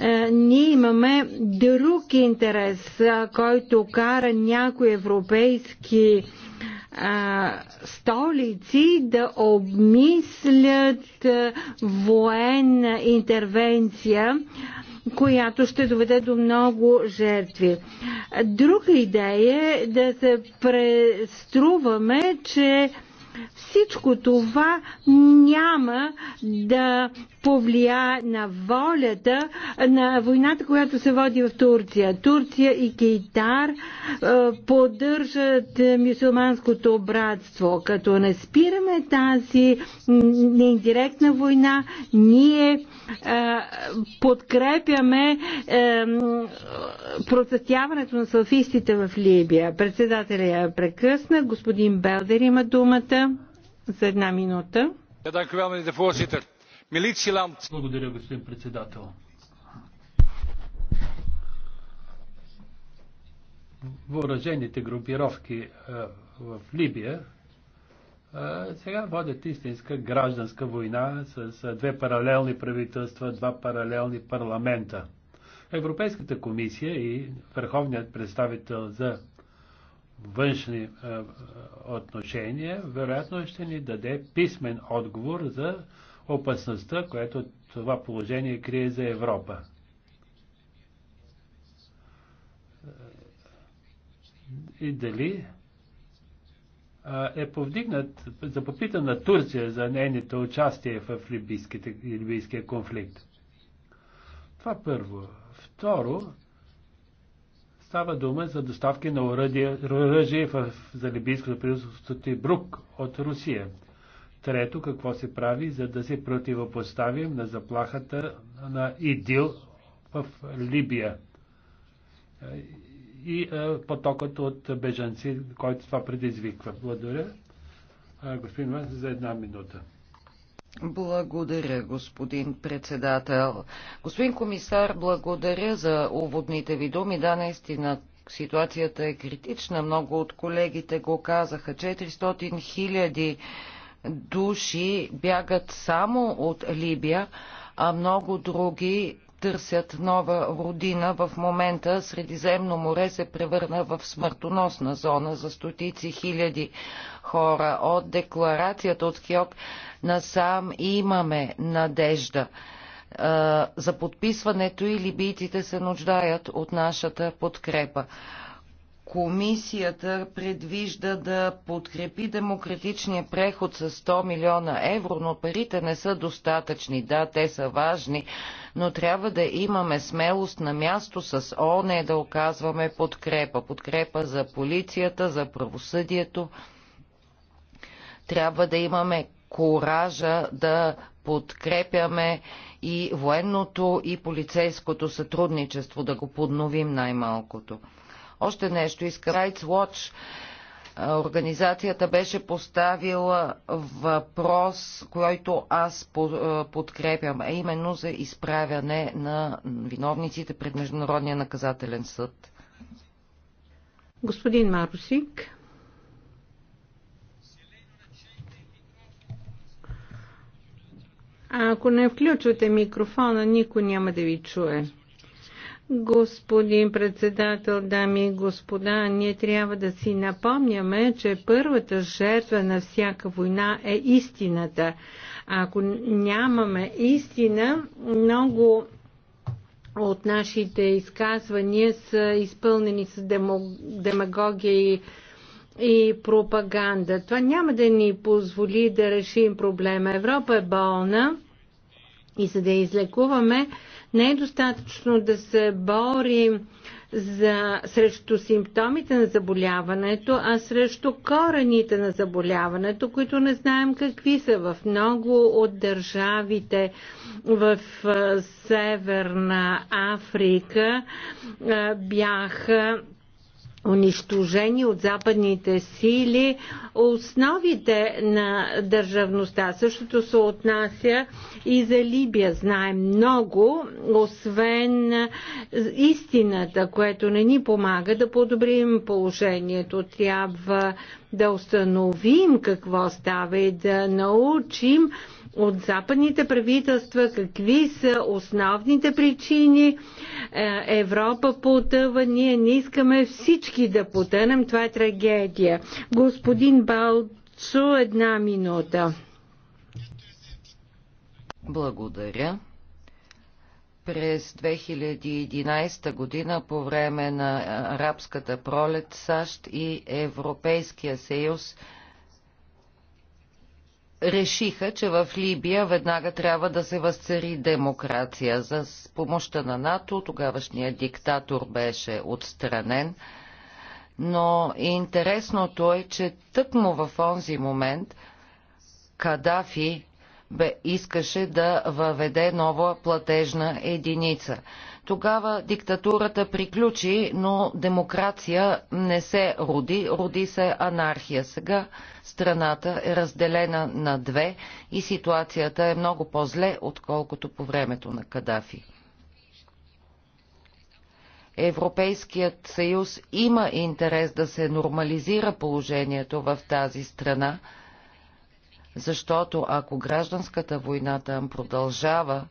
Е, ние имаме друг интерес, е, който кара някои европейски е, столици да обмислят военна интервенция която ще доведе до много жертви. Друга идея е да се преструваме, че всичко това няма да повлия на волята на войната, която се води в Турция. Турция и Китар е, поддържат мусулманското братство. Като не спираме тази неиндиректна война, ние е, подкрепяме е, процъфтяването на салфистите в Либия. Председателя я прекъсна. Господин Белдер има думата за една минута. Благодаря, господин председател. Въоръжените групировки е, в Либия сега водят истинска гражданска война с две паралелни правителства, два паралелни парламента. Европейската комисия и върховният представител за външни отношения вероятно ще ни даде писмен отговор за опасността, която това положение крие за Европа. И дали е повдигнат за попита на Турция за нейното участие в либийския конфликт. Това първо. Второ, става дума за доставки на оръжие за либийското правителство брук от Русия. Трето, какво се прави, за да се противопоставим на заплахата на ИДИЛ в Либия и е, потокът от бежанци, който това предизвиква. Благодаря. Е, господин Мас, за една минута. Благодаря, господин председател. Господин комисар, благодаря за уводните ви думи. Да, наистина ситуацията е критична. Много от колегите го казаха. 400 хиляди души бягат само от Либия, а много други търсят нова родина. В момента Средиземно море се превърна в смъртоносна зона за стотици хиляди хора. От декларацията от Хиок насам имаме надежда за подписването и либийците се нуждаят от нашата подкрепа. Комисията предвижда да подкрепи демократичния преход с 100 милиона евро, но парите не са достатъчни. Да, те са важни, но трябва да имаме смелост на място с ОНЕ да оказваме подкрепа. Подкрепа за полицията, за правосъдието. Трябва да имаме коража да подкрепяме и военното и полицейското сътрудничество, да го подновим най-малкото. Още нещо иска Rights Watch. Организацията беше поставила въпрос, който аз подкрепям, а именно за изправяне на виновниците пред Международния наказателен съд. Господин Марусик. Ако не включвате микрофона, никой няма да ви чуе. Господин председател, дами и господа, ние трябва да си напомняме, че първата жертва на всяка война е истината. Ако нямаме истина, много от нашите изказвания са изпълнени с демагогия и и пропаганда. Това няма да ни позволи да решим проблема. Европа е болна и за да излекуваме, не е достатъчно да се борим за, срещу симптомите на заболяването, а срещу корените на заболяването, които не знаем какви са в много от държавите в Северна Африка бяха унищожени от западните сили основите на държавността. Същото се отнася и за Либия. Знае много, освен истината, което не ни помага да подобрим положението. Трябва да установим какво става и да научим от западните правителства какви са основните причини е, Европа потъва. Ние не искаме всички да потънем. Това е трагедия. Господин Балцо, една минута. Благодаря. През 2011 година по време на арабската пролет САЩ и Европейския съюз решиха, че в Либия веднага трябва да се възцари демокрация. За помощта на НАТО тогавашният диктатор беше отстранен. Но интересното е, че тъкмо в онзи момент Кадафи бе, искаше да въведе нова платежна единица – тогава диктатурата приключи, но демокрация не се роди, роди се анархия. Сега страната е разделена на две и ситуацията е много по-зле, отколкото по времето на Кадафи. Европейският съюз има интерес да се нормализира положението в тази страна, защото ако гражданската война там продължава,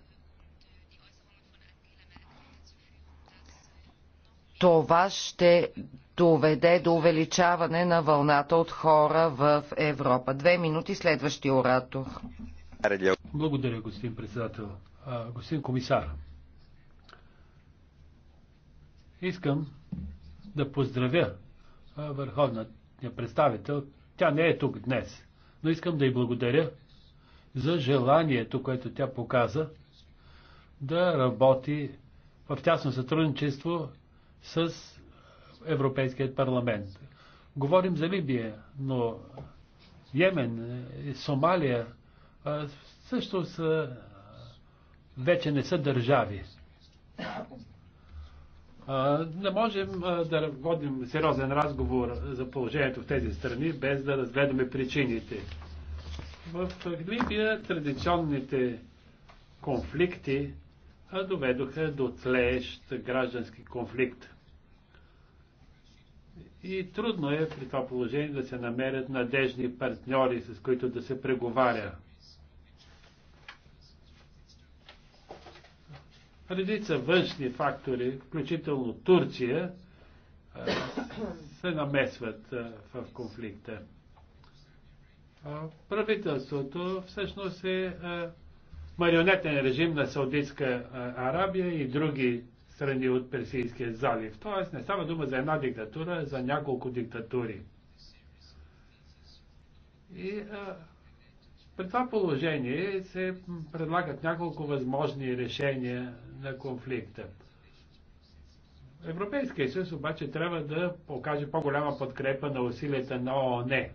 това ще доведе до увеличаване на вълната от хора в Европа. Две минути следващия оратор. Благодаря, господин председател. А, господин комисар, искам да поздравя върховната представител. Тя не е тук днес, но искам да й благодаря за желанието, което тя показа да работи в тясно сътрудничество с Европейският парламент. Говорим за Либия, но Йемен, е, Сомалия също са, вече не са държави. Не можем да водим сериозен разговор за положението в тези страни, без да разгледаме причините. В Либия традиционните конфликти доведоха до тлеещ граждански конфликт. И трудно е при това положение да се намерят надежни партньори, с които да се преговаря. Редица външни фактори, включително Турция, се намесват в конфликта. Правителството всъщност е марионетен режим на Саудитска Арабия и други страни от Персийския залив. Тоест не става дума за една диктатура, за няколко диктатури. И а, при това положение се предлагат няколко възможни решения на конфликта. Европейския съюз обаче трябва да покаже по-голяма подкрепа на усилията на ООН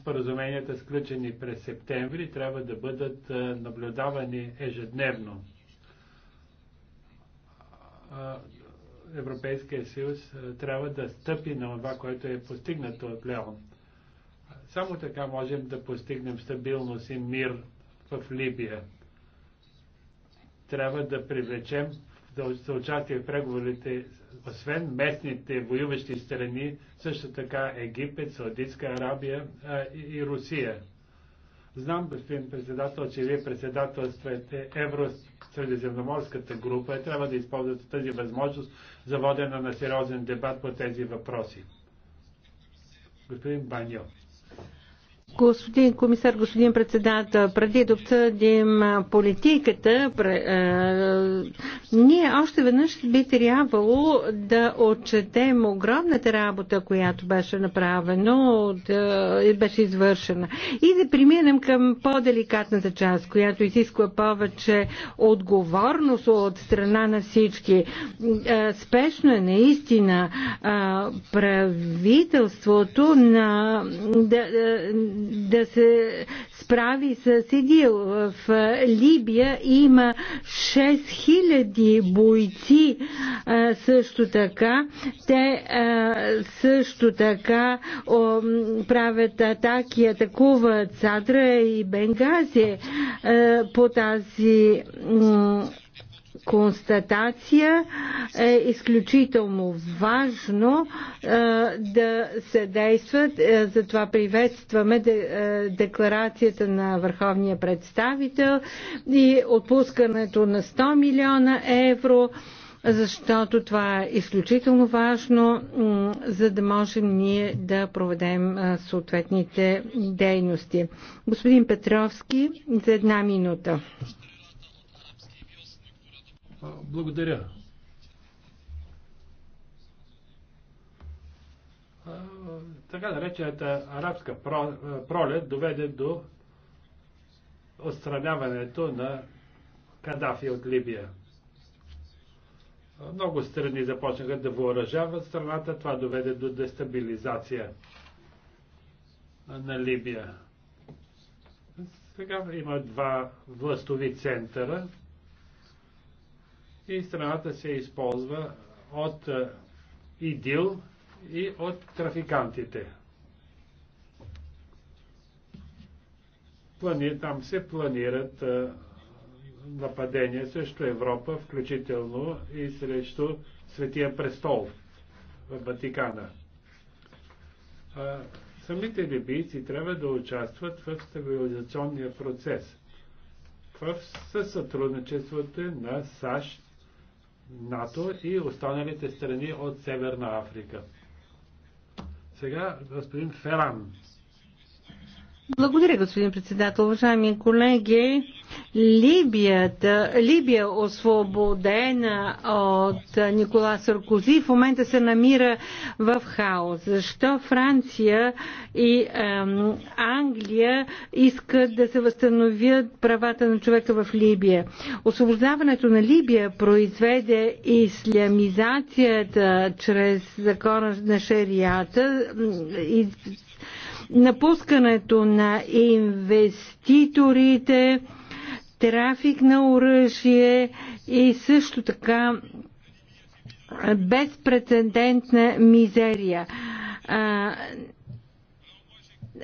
споразуменията, сключени през септември, трябва да бъдат наблюдавани ежедневно. Европейския съюз трябва да стъпи на това, което е постигнато от Леон. Само така можем да постигнем стабилност и мир в Либия. Трябва да привлечем за участие в преговорите освен местните воюващи страни, също така Египет, Саудитска Арабия а, и, и Русия. Знам, господин председател, че вие председателствате Евросредиземноморската група и трябва да използвате тази възможност за водена на сериозен дебат по тези въпроси. Господин Баньо. Господин комисар, господин председател, преди да обсъдим политиката, ние още веднъж би трябвало да отчетем огромната работа, която беше направена и беше извършена. И да преминем към по-деликатната част, която изисква повече отговорност от страна на всички. Спешно е наистина правителството на да се справи с ИДИЛ. В Либия има 6000 бойци също така. Те също така правят атаки, атакуват Садра и Бенгази по тази констатация е изключително важно е, да се действат. Е, затова приветстваме де, е, декларацията на Върховния представител и отпускането на 100 милиона евро защото това е изключително важно, за да можем ние да проведем е, съответните дейности. Господин Петровски, за една минута. Благодаря. Така наречената арабска пролет доведе до отстраняването на Кадафи от Либия. Много страни започнаха да въоръжават страната, това доведе до дестабилизация на Либия. Сега има два властови центъра, и страната се използва от е, ИДИЛ и от трафикантите. Плани, там се планират е, нападения срещу Европа, включително и срещу Светия престол в Ватикана. А, е, самите либийци трябва да участват в стабилизационния процес в със сътрудничеството на САЩ НАТО и останалите страни от Северна Африка. Сега господин Феран. Благодаря, господин председател. Уважаеми колеги, Либията, Либия, е освободена от Никола Саркози, в момента се намира в хаос. Защо Франция и ем, Англия искат да се възстановят правата на човека в Либия? Освобождаването на Либия произведе ислямизацията чрез закона на шарията и напускането на инвеститорите, трафик на оръжие и също така безпредседентна мизерия.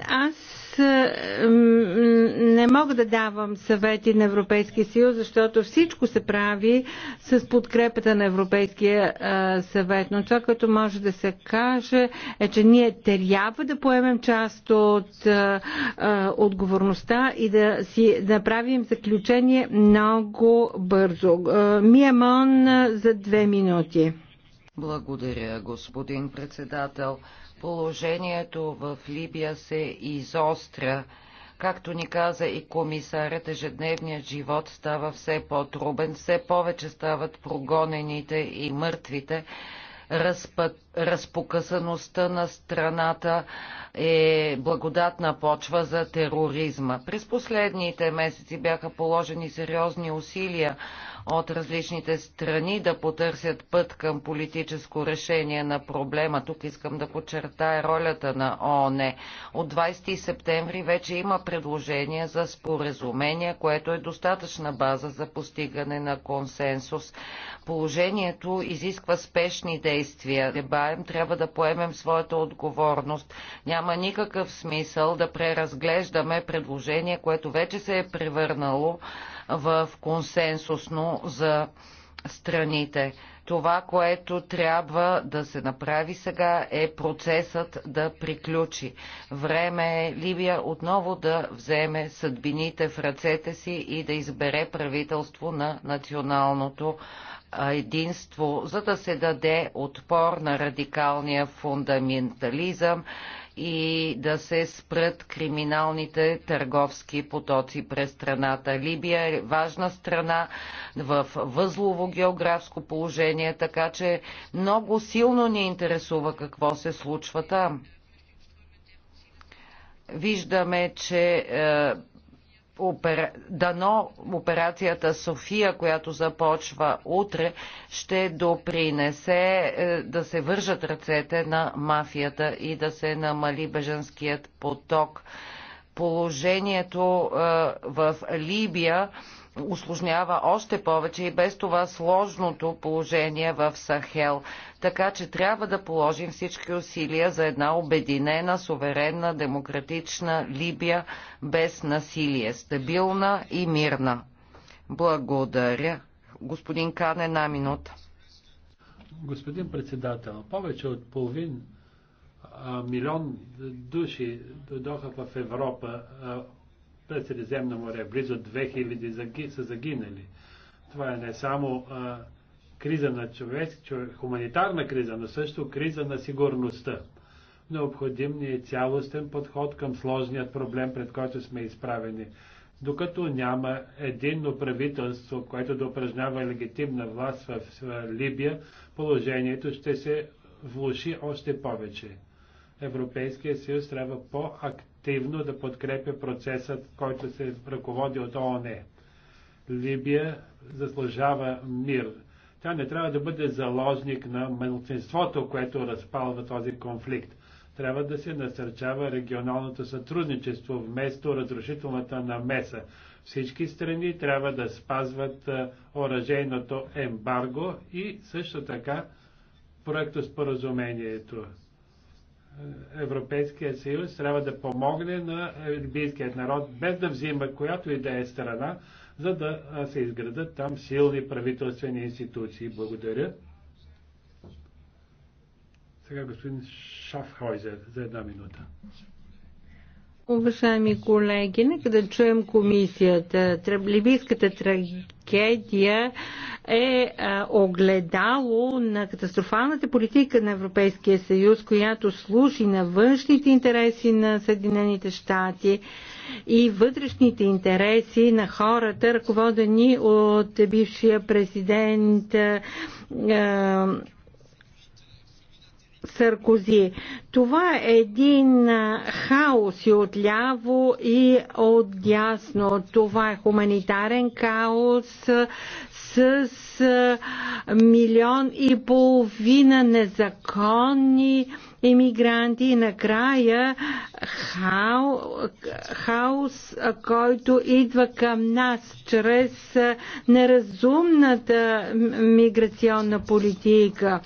Аз не мога да давам съвети на Европейския съюз, защото всичко се прави с подкрепата на Европейския съвет. Но това, което може да се каже, е, че ние трябва да поемем част от отговорността и да си направим заключение много бързо. Миемон за две минути. Благодаря, господин председател. Положението в Либия се изостря. Както ни каза и комисарят, ежедневният живот става все по-трубен, все повече стават прогонените и мъртвите, разпът разпокъсаността на страната е благодатна почва за тероризма. През последните месеци бяха положени сериозни усилия от различните страни да потърсят път към политическо решение на проблема. Тук искам да подчертая ролята на ООН. От 20 септември вече има предложение за споразумение, което е достатъчна база за постигане на консенсус. Положението изисква спешни действия желаем, трябва да поемем своята отговорност. Няма никакъв смисъл да преразглеждаме предложение, което вече се е превърнало в консенсусно за страните. Това, което трябва да се направи сега е процесът да приключи. Време е Либия отново да вземе съдбините в ръцете си и да избере правителство на националното единство, за да се даде отпор на радикалния фундаментализъм и да се спрат криминалните търговски потоци през страната. Либия е важна страна в възлово географско положение, така че много силно ни интересува какво се случва там. Виждаме, че е, опера... дано операцията София, която започва утре, ще допринесе е, да се вържат ръцете на мафията и да се намали беженският поток. Положението е, в Либия усложнява още повече и без това сложното положение в Сахел. Така че трябва да положим всички усилия за една обединена, суверенна, демократична Либия без насилие, стабилна и мирна. Благодаря. Господин Кан, една минута. Господин председател, повече от половин а, милион души дойдоха в Европа а, през Средиземно море. Близо 2000 заги, са загинали. Това е не само а, криза на човек, човек, хуманитарна криза, но също криза на сигурността. Необходим ни е цялостен подход към сложният проблем, пред който сме изправени. Докато няма единно правителство, което да упражнява легитимна власт в Либия, положението ще се влуши още повече. Европейския съюз трябва по-активно активно да подкрепя процесът, който се ръководи от ООН. Либия заслужава мир. Тя не трябва да бъде заложник на мълцинството, което разпалва този конфликт. Трябва да се насърчава регионалното сътрудничество вместо разрушителната намеса. Всички страни трябва да спазват оръжейното ембарго и също така проектоспоразумението. Европейския съюз трябва да помогне на либийският народ, без да взима която и да е страна, за да се изградат там силни правителствени институции. Благодаря. Сега господин Шафхойзер за една минута. Уважаеми колеги, нека да чуем комисията. Либийската трагедия е огледало на катастрофалната политика на Европейския съюз, която служи на външните интереси на Съединените щати и вътрешните интереси на хората, ръководени от бившия президент Саркози. Това е един хаос и от ляво и от дясно. Това е хуманитарен хаос с милион и половина незаконни иммигранти и накрая хао, хаос, който идва към нас чрез неразумната миграционна политика.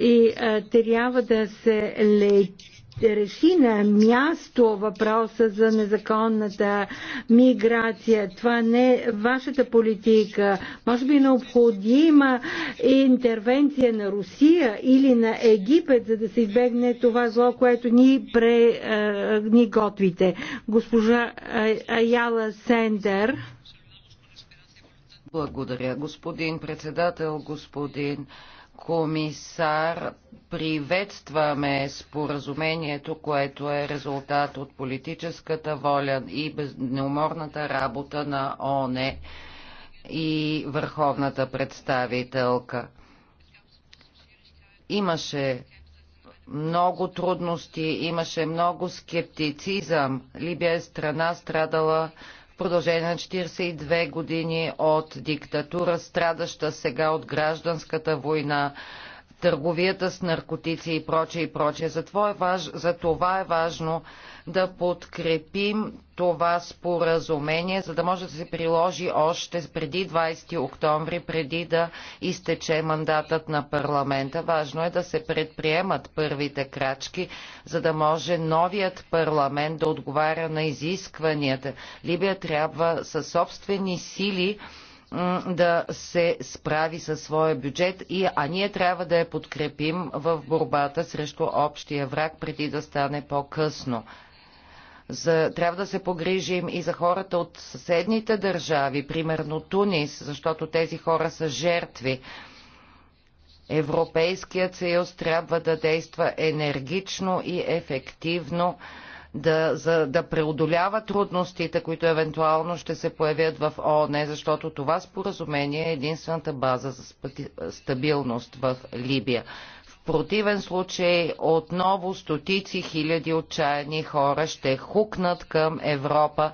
И трябва да се лечи реши на място въпроса за незаконната миграция. Това не е вашата политика. Може би е необходима интервенция на Русия или на Египет, за да се избегне това зло, което ни, пре, е, ни готвите. Госпожа Аяла Сендер. Благодаря, господин председател, господин комисар, приветстваме споразумението, което е резултат от политическата воля и неуморната работа на ОНЕ и върховната представителка. Имаше много трудности, имаше много скептицизъм. Либия е страна страдала продължение на 42 години от диктатура, страдаща сега от гражданската война, търговията с наркотици и прочее и прочее. За, е важ... за това е важно да подкрепим това споразумение, за да може да се приложи още преди 20 октомври, преди да изтече мандатът на парламента. Важно е да се предприемат първите крачки, за да може новият парламент да отговаря на изискванията. Либия трябва със собствени сили да се справи със своя бюджет, и, а ние трябва да я подкрепим в борбата срещу общия враг, преди да стане по-късно. За, трябва да се погрижим и за хората от съседните държави, примерно Тунис, защото тези хора са жертви. Европейският съюз трябва да действа енергично и ефективно да, за, да преодолява трудностите, които евентуално ще се появят в ООН, защото това споразумение е единствената база за стабилност в Либия В противен случай отново стотици хиляди отчаяни хора ще хукнат към Европа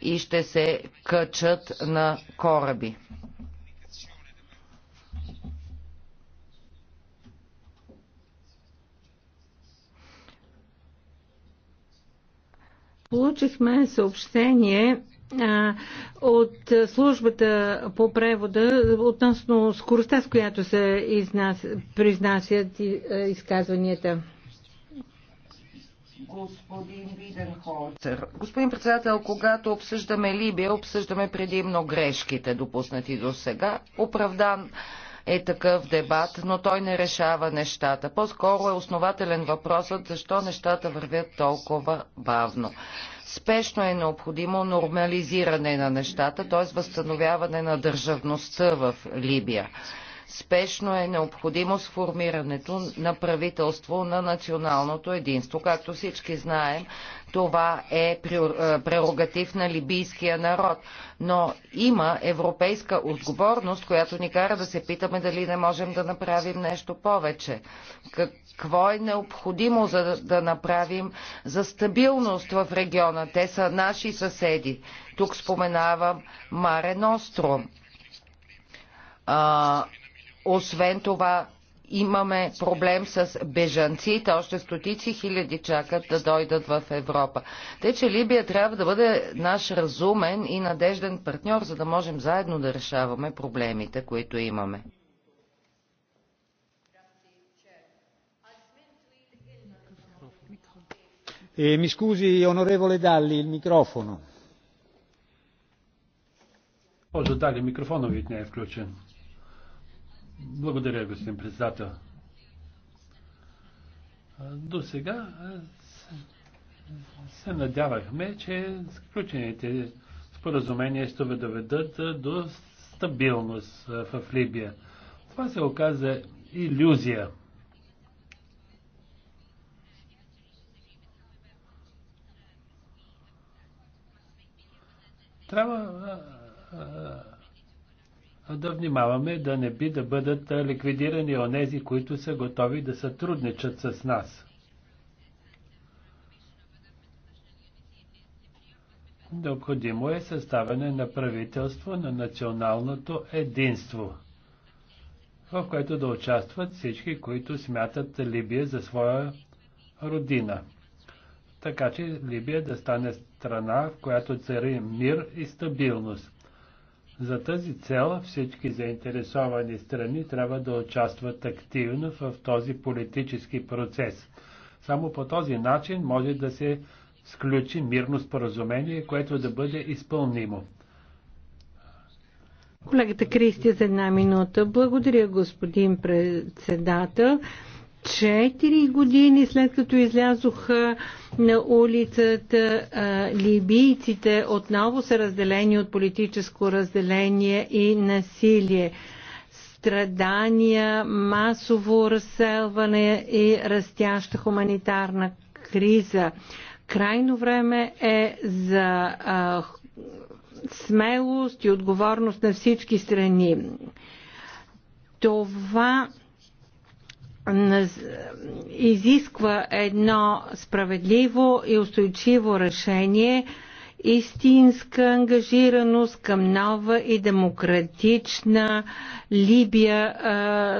и ще се качат на кораби. Получихме съобщение а, от службата по превода относно скоростта, с която се изнас, произнасят и, а, изказванията. Господин Виденхолцер. Господин председател, когато обсъждаме Либия, обсъждаме предимно грешките, допуснати до сега. Оправдан е такъв дебат, но той не решава нещата. По-скоро е основателен въпросът защо нещата вървят толкова бавно. Спешно е необходимо нормализиране на нещата, т.е. възстановяване на държавността в Либия. Спешно е необходимо сформирането на правителство на националното единство. Както всички знаем, това е, е прерогатив на либийския народ. Но има европейска отговорност, която ни кара да се питаме дали не можем да направим нещо повече. Какво е необходимо за да направим за стабилност в региона? Те са наши съседи. Тук споменавам Маре Ностром. Освен това, имаме проблем с бежанците. Още стотици хиляди чакат да дойдат в Европа. Те, че Либия трябва да бъде наш разумен и надежден партньор, за да можем заедно да решаваме проблемите, които имаме. E mi scusi, onorevole Dalli, il microfono. Posso dare il microfono, vi è благодаря, господин председател. До сега се надявахме, че сключените споразумения ще доведат до стабилност в Либия. Това се оказа иллюзия. Трябва да внимаваме да не би да бъдат ликвидирани онези, които са готови да сътрудничат с нас. Необходимо е съставяне на правителство на националното единство, в което да участват всички, които смятат Либия за своя родина. Така че Либия да стане страна, в която цари мир и стабилност. За тази цел всички заинтересовани страни трябва да участват активно в този политически процес. Само по този начин може да се сключи мирно споразумение, което да бъде изпълнимо. Колегата Кристи за една минута. Благодаря, господин председател четири години след като излязоха на улицата, либийците отново са разделени от политическо разделение и насилие страдания, масово разселване и растяща хуманитарна криза. Крайно време е за а, смелост и отговорност на всички страни. Това изисква едно справедливо и устойчиво решение, истинска ангажираност към нова и демократична Либия,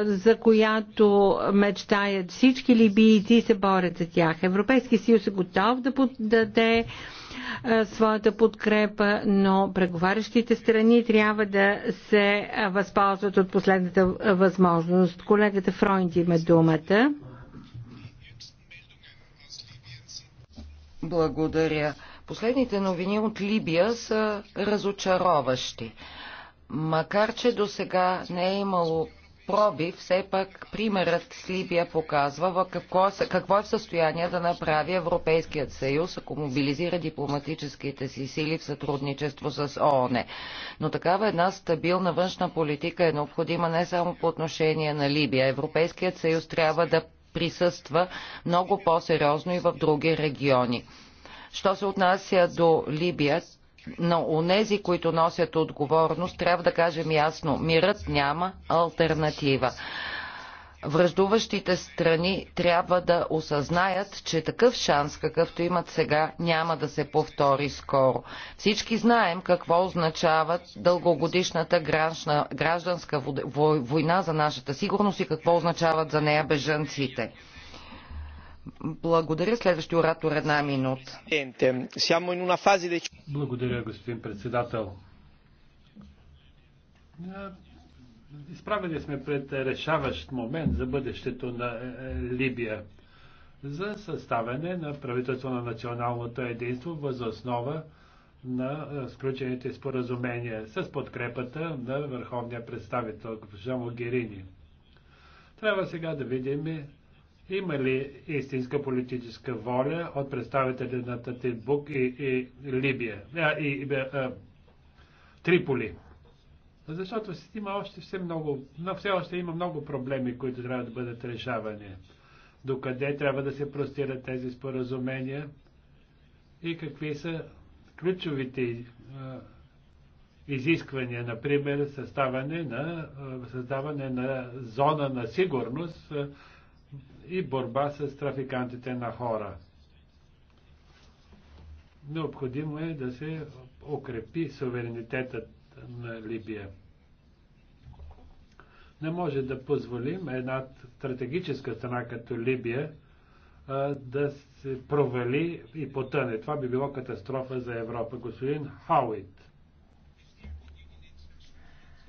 за която мечтаят всички либийци и се борят за тях. Европейски съюз е готов да даде е, своята подкрепа, но преговарящите страни трябва да се възползват от последната възможност. Колегата Фройнд има думата. Благодаря. Последните новини от Либия са разочароващи. Макар, че до сега не е имало Проби, все пак примерът с Либия показва какво, какво е в състояние да направи Европейският съюз, ако мобилизира дипломатическите си сили в сътрудничество с ООН. Но такава една стабилна външна политика е необходима не само по отношение на Либия. Европейският съюз трябва да присъства много по-сериозно и в други региони. Що се отнася до Либия, на онези, които носят отговорност, трябва да кажем ясно, мирът няма альтернатива. Връждуващите страни трябва да осъзнаят, че такъв шанс, какъвто имат сега, няма да се повтори скоро. Всички знаем какво означава дългогодишната гражданска война за нашата сигурност и какво означават за нея бежанците. Благодаря. Следващия оратор една минута. Благодаря, господин председател. Изправени сме пред решаващ момент за бъдещето на е, е, Либия за съставяне на правителство на националното единство въз основа на е, сключените споразумения с подкрепата на върховния представител Жамо Герини. Трябва сега да видим има ли истинска политическа воля от представители на Татибук и, и Либия, а, и, и а, Триполи? Защото има още все много, но все още има много проблеми, които трябва да бъдат решавани. Докъде трябва да се простират тези споразумения и какви са ключовите а, изисквания, например, съставане на, създаване на зона на сигурност, и борба с трафикантите на хора. Необходимо е да се укрепи суверенитетът на Либия. Не може да позволим една стратегическа страна като Либия да се провали и потъне. Това би било катастрофа за Европа. Господин Хауит.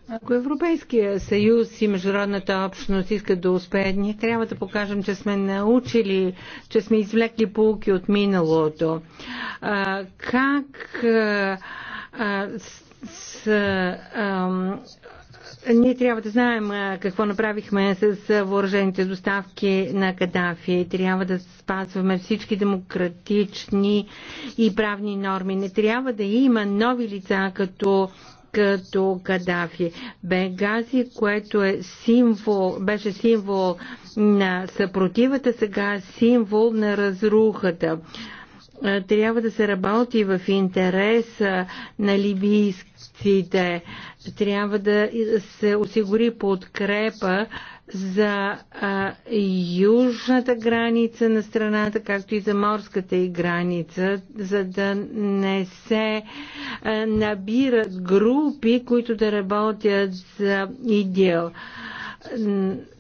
Ако Европейския съюз и международната общност искат да успеят, ние трябва да покажем, че сме научили, че сме извлекли полуки от миналото. А, как а, с. А, ние трябва да знаем какво направихме с въоръжените доставки на Кадафи. Трябва да спазваме всички демократични и правни норми. Не трябва да има нови лица като като Кадафи. Бенгази, което е символ, беше символ на съпротивата, сега е символ на разрухата. Е, трябва да се работи в интерес е, на либийските. Трябва да се осигури подкрепа за а, е, южната граница на страната, както и за морската и граница, за да не се а, набират групи, които да работят за идеал. А,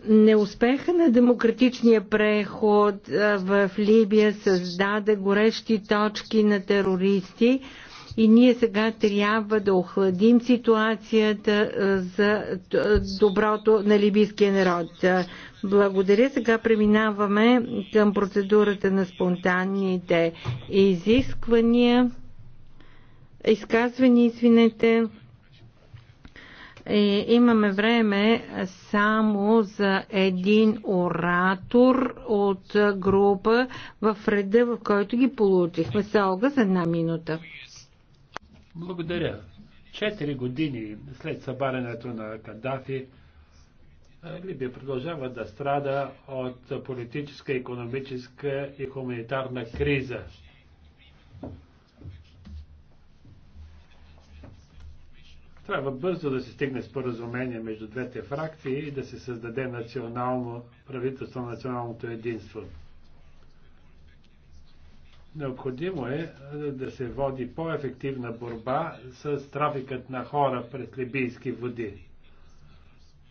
Неуспеха на демократичния преход в Либия създаде горещи точки на терористи и ние сега трябва да охладим ситуацията за доброто на либийския народ. Благодаря. Сега преминаваме към процедурата на спонтанните изисквания. изказвани, извинете. И е, имаме време само за един оратор от група в реда, в който ги получихме. Салга за една минута. Благодаря. Четири години след събарянето на Каддафи, е, Либия продължава да страда от политическа, економическа и хуманитарна криза. Трябва бързо да се стигне споразумение между двете фракции и да се създаде национално правителство на националното единство. Необходимо е да се води по-ефективна борба с трафикът на хора през либийски води.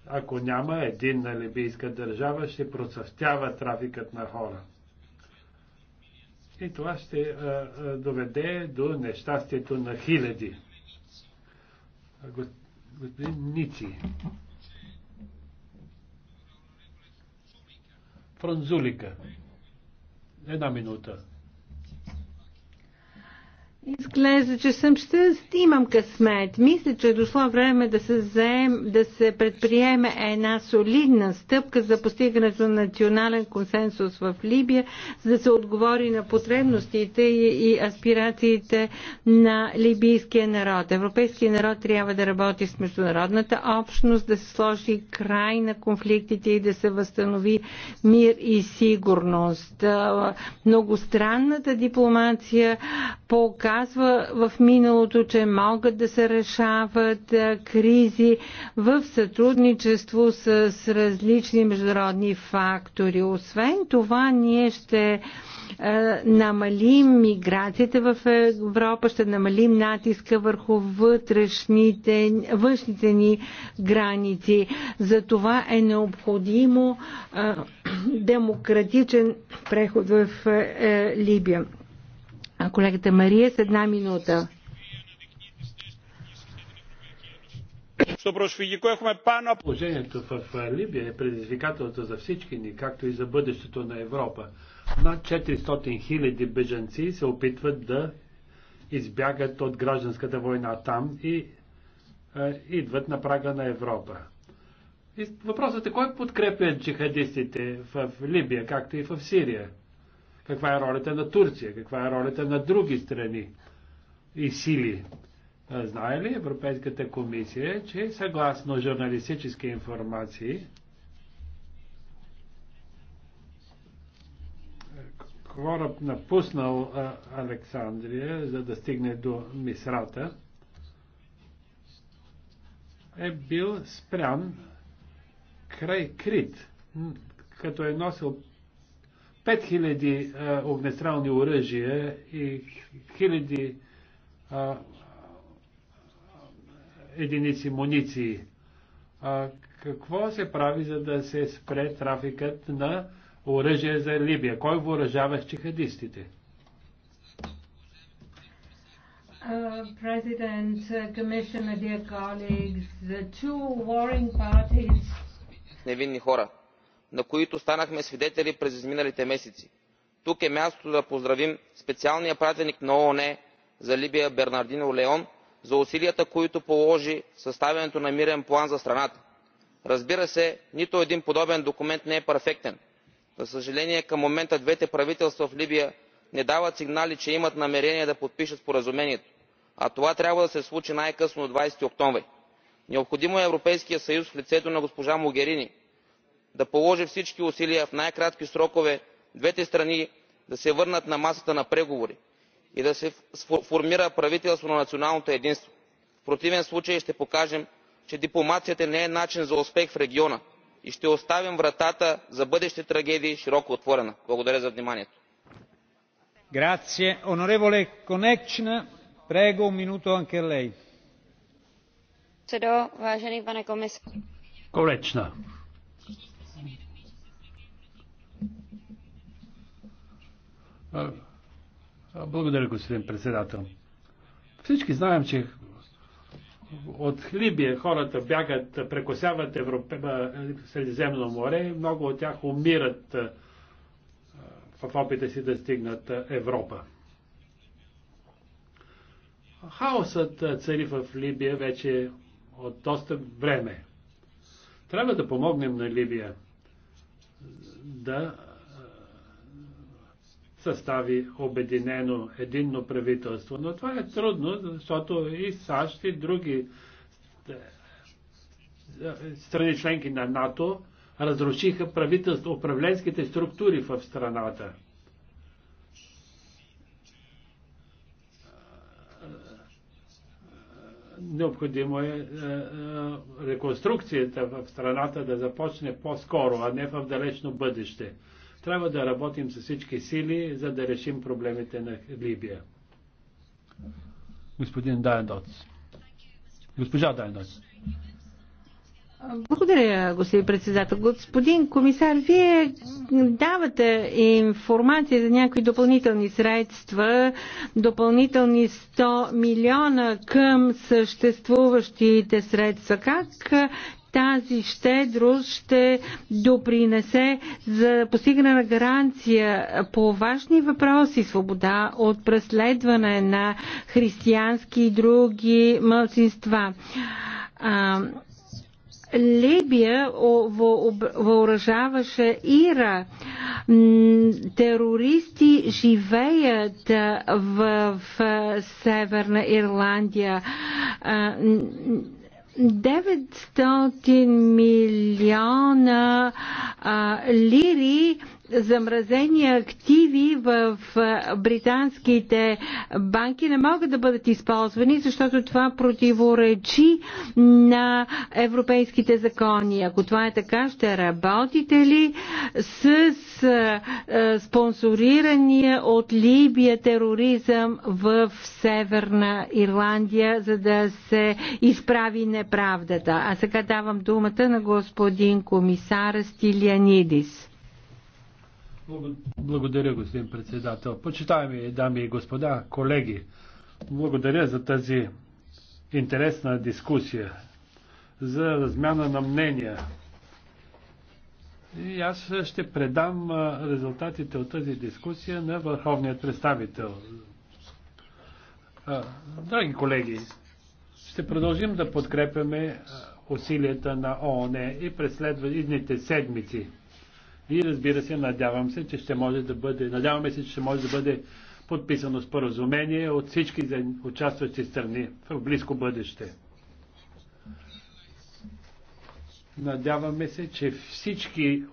Ако няма на либийска държава, ще процъфтява трафикът на хора. И това ще а, а, доведе до нещастието на хиляди. Господин Ници. Франзулика. Една минута. Изглежда, че съм ще имам късмет. Мисля, че е дошло време да се, заем, да се предприеме една солидна стъпка за постигането на национален консенсус в Либия, за да се отговори на потребностите и, и аспирациите на либийския народ. Европейския народ трябва да работи с международната общност, да се сложи край на конфликтите и да се възстанови мир и сигурност. Многостранната дипломация показва показва в миналото, че могат да се решават кризи в сътрудничество с различни международни фактори. Освен това, ние ще намалим миграцията в Европа, ще намалим натиска върху вътрешните, външните ни граници. За това е необходимо *clears throat* демократичен преход в е, Либия. А колегата Мария с една минута. Положението в е, Либия е предизвикателство за всички ни, както и за бъдещето на Европа. Над 400 хиляди бежанци се опитват да избягат от гражданската война там и е, идват на прага на Европа. И въпросът е кой подкрепя джихадистите в Либия, както и в Сирия каква е ролята на Турция, каква е ролята на други страни и сили. Знае ли Европейската комисия, че съгласно журналистически информации, кораб напуснал Александрия, за да стигне до Мисрата, е бил спрян край Крит, като е носил 5000 огнестрални оръжия и хиляди единици муниции. А, какво се прави, за да се спре трафикът на оръжие за Либия? Кой въоръжава чехадистите? Uh, President, uh, Commissioner, dear colleagues, the two warring parties. Невинни хора на които станахме свидетели през изминалите месеци. тук е мястото да поздравим специалния пратеник на оон за либия бернардино леон за усилията които положи в съставянето на мирен план за страната. разбира се нито един подобен документ не е перфектен. за съжаление към момента двете правителства в либия не дават сигнали че имат намерение да подпишат споразумението а това трябва да се случи най късно до 20 октомври. необходимо е европейският съюз в лицето на госпожа могерини да положи всички усилия в най кратки срокове двете страни да се върнат на масата на преговори и да се сформира правителство на националното единство. в противен случай ще покажем че дипломацията не е начин за успех в региона и ще оставим вратата за бъдещи трагедии широко отворена. благодаря за вниманието. Благодаря, господин председател. Всички знаем, че от Либия хората бягат, прекосяват Европе, Средиземно море, и много от тях умират в опита си да стигнат Европа. Хаосът цари в Либия вече от доста време. Трябва да помогнем на Либия да състави обединено единно правителство. Но това е трудно, защото и САЩ и други е, страни членки на НАТО разрушиха правителство, управленските структури в страната. Необходимо е, е, е реконструкцията в страната да започне по-скоро, а не в далечно бъдеще. Трябва да работим с всички сили, за да решим проблемите на Либия. Господин Дайндоц. Госпожа Дайндоц. Благодаря, господин председател. Господин комисар, вие давате информация за някои допълнителни средства, допълнителни 100 милиона към съществуващите средства. Как тази щедрост ще допринесе за постигане на гаранция по важни въпроси, свобода от преследване на християнски и други мълцинства. Либия въоръжаваше Ира. Терористи живеят в Северна Ирландия. 900 милиона а, лири замразени активи в британските банки не могат да бъдат използвани, защото това противоречи на европейските закони. Ако това е така, ще работите ли с спонсорирания от Либия тероризъм в Северна Ирландия, за да се изправи неправдата? А сега давам думата на господин комисар Стилианидис. Благодаря, господин председател. Почитаеми дами и господа, колеги, благодаря за тази интересна дискусия, за размяна на мнения. И аз ще предам резултатите от тази дискусия на върховният представител. Драги колеги, ще продължим да подкрепяме усилията на ООН и през следва идните седмици. И разбира се, надявам се, че ще може да бъде, надяваме се, че ще може да бъде подписано споразумение от всички участващи страни в близко бъдеще. Надяваме се, че всички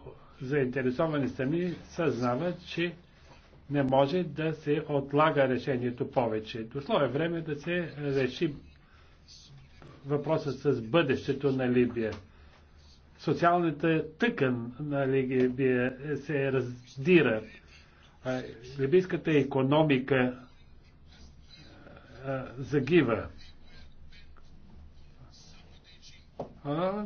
заинтересовани страни съзнават, че не може да се отлага решението повече. Дошло е време да се реши въпросът с бъдещето на Либия социалната тъкан на Либия се раздира. Либийската економика загива.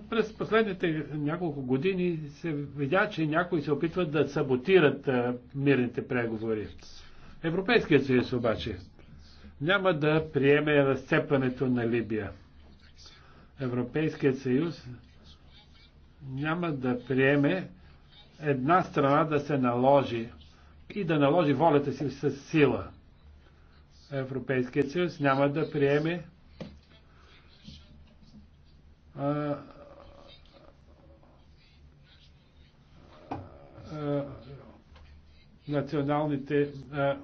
През последните няколко години се видя, че някои се опитват да саботират мирните преговори. Европейският съюз обаче няма да приеме разцепването на Либия. Европейският съюз няма да приеме една страна да се наложи и да наложи волята си с сила. Европейският съюз няма да приеме а, а, националните а,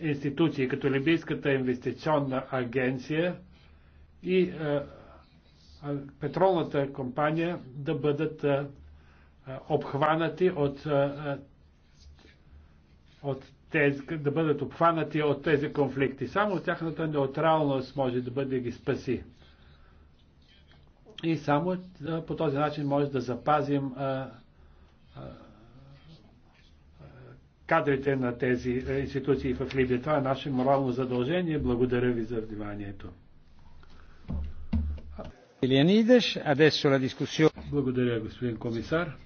институции, като Либийската инвестиционна агенция и а, петролната компания да бъдат обхванати от, от тези, да бъдат обхванати от тези конфликти. Само тяхната неутралност може да бъде ги спаси. И само по този начин може да запазим кадрите на тези институции в Либия. Това е наше морално задължение. Благодаря ви за вниманието. Благодаря, господин комисар.